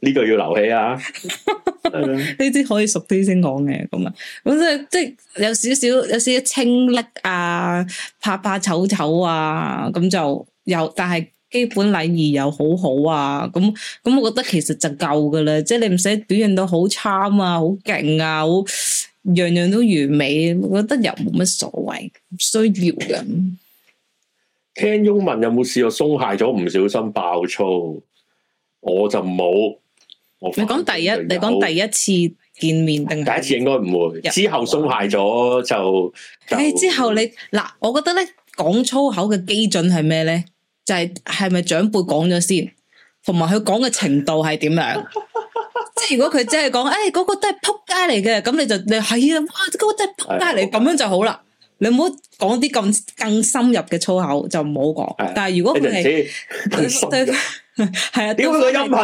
呢個 要留起啊！呢啲可以熟啲先講嘅，咁啊，咁即係即係有少少有少少清曆啊，怕怕丑醜啊，咁就又但係基本禮儀又好好啊，咁咁我覺得其實就夠㗎喇，即係你唔使表現到好差啊，好勁啊，好樣樣都完美，我覺得又冇乜所謂，需要嘅。聽眾問有冇試過鬆懈咗，唔小心爆粗？我就冇。你講第一，你講第一次見面定第一次應該唔會。之後鬆懈咗就誒、欸，之後你嗱，我覺得咧講粗口嘅基準係咩咧？就係係咪長輩講咗先，同埋佢講嘅程度係點樣？ 即係如果佢真係講誒嗰個都係扑街嚟嘅，咁你就你係啊、欸，哇，嗰、嗰個真係扑街嚟，咁唉樣就好啦。啊、你唔好講啲咁更深入嘅粗口，就唔好講。唉但係如果佢係， 係 啊，屌佢個音物！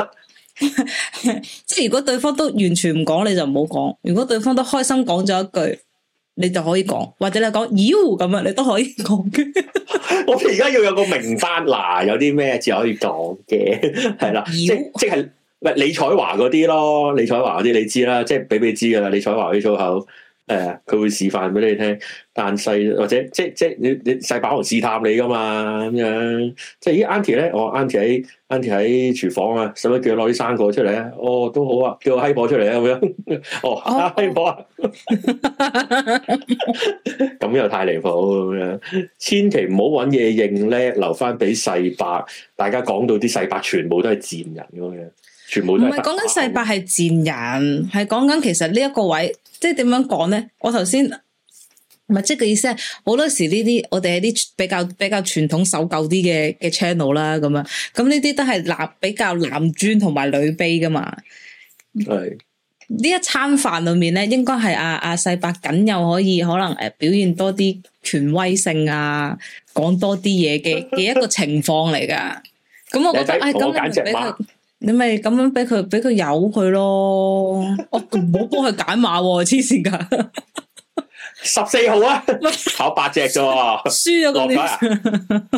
即係如果對方都完全唔講，你就唔好講；如果對方都開心講咗一句，你就可以講，或者你講妖咁樣，你都可以講嘅。 我哋而家要有個名單，嗱，有啲咩字可以講嘅，係 啦、啊， 即係， 即係，喂，李彩華嗰啲咯，李彩華嗰啲你知啦，即係俾你知噶啦，李彩華嗰啲粗口。誒，佢 會示範俾你聽，但細或者即即你你細伯可能試探你噶嘛，咁樣即咦 Auntie 咧，我 Auntie 喺 Auntie 喺廚房啊，使唔使叫佢攞啲生果出嚟啊？哦，都好啊，叫個閪婆出嚟啊，咁樣哦, 哦，閪婆啊，咁 又太離譜咁樣，千祈唔好揾嘢認叻，留翻俾細伯，大家講到啲細伯全部都係賤人咁樣。唔係講緊世伯係賤人，係講緊其實呢一個位，即係點樣講咧？我頭先唔係即係嘅意思係好多時呢啲我哋係啲比較比較傳統守舊啲嘅嘅 channel 啦，咁啊，咁呢啲都係男比較男尊同埋女卑噶嘛。係呢的一餐飯裏面咧，應該係阿阿世伯僅有可以可能誒表現多啲權威性啊，講多啲嘢嘅嘅一個情況嚟噶。咁 我覺得誒，咁你你就。你咪咁樣俾佢俾佢由佢咯，我唔好幫佢揀馬喎，黐線噶！十四號啊，乜炒八隻咋？輸咗嗰啲，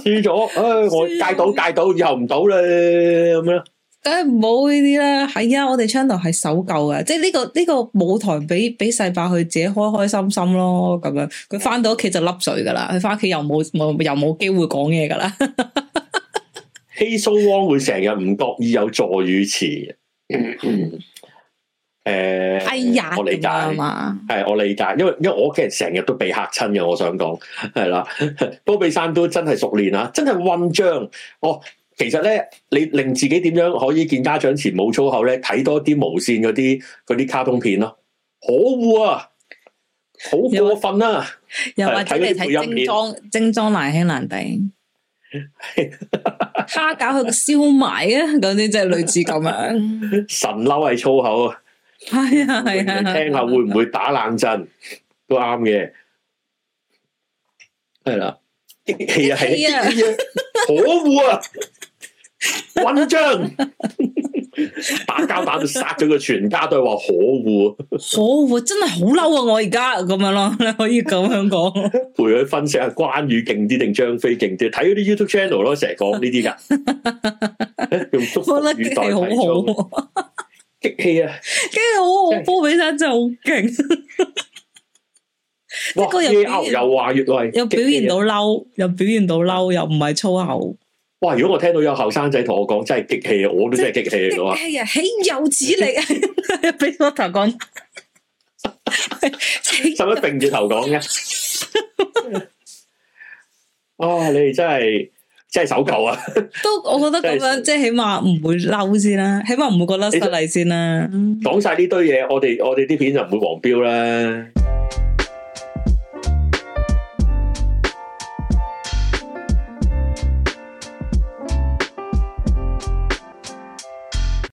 輸咗，唉，我戒到，戒到，又唔到咧咁樣。梗係唔好呢啲啦，係啊，我哋 channel 係守舊嘅，即係呢個呢個舞台，俾俾細伯去自己開開心心咯，咁樣佢翻到屋企就笠水噶啦，佢翻屋企又冇冇又冇機會講嘢噶啦。 希蘇旺會成日唔覺意有助語詞、 嗯，誒、欸，哎呀，我理解啊嘛，係我理解，因為因為我屋企人成日都被吓親嘅，我想講係啦，波比山都真係熟練啊，真係混帳哦，其實咧，你令自己點樣可以見家長前冇粗口咧，睇多啲無線嗰啲嗰啲卡通片咯，可惡啊，好過分啊，又或睇你睇精裝精裝難兄難弟。蝦餃去燒賣啊，總之即係類似咁樣。 神嬲係粗口啊？係啊係啊，聽下會唔會打冷震都啱嘅，係啦，激氣啊，激氣啊，可惡啊，混帳。 打交打到殺咗個全家都係話可惡， 可惡真係好嬲啊！我而家咁樣咯，你可以咁樣講， 陪佢分析下關羽勁啲定張飛勁啲，睇嗰啲 YouTube channel 咯，成日講呢啲㗎，用縮縮語代替激氣啊！跟 住、啊、好，波比生真係好勁， 哇！ 又牛比又話越嚟，又表現到嬲，又表現到嬲，又唔係粗口。哇！如果我聽到有後生仔同我講，真係激氣我都真係激氣啊！激氣啊！豈有此理啊！俾 我頭講，使乜定住頭講嘅？啊！ 你哋真係真係守舊啊都！都我覺得咁樣，是即係起碼唔會嬲先啦，起碼唔會覺得失禮先啦，啊。講晒呢堆嘢，我哋我哋啲片就唔會黃標啦。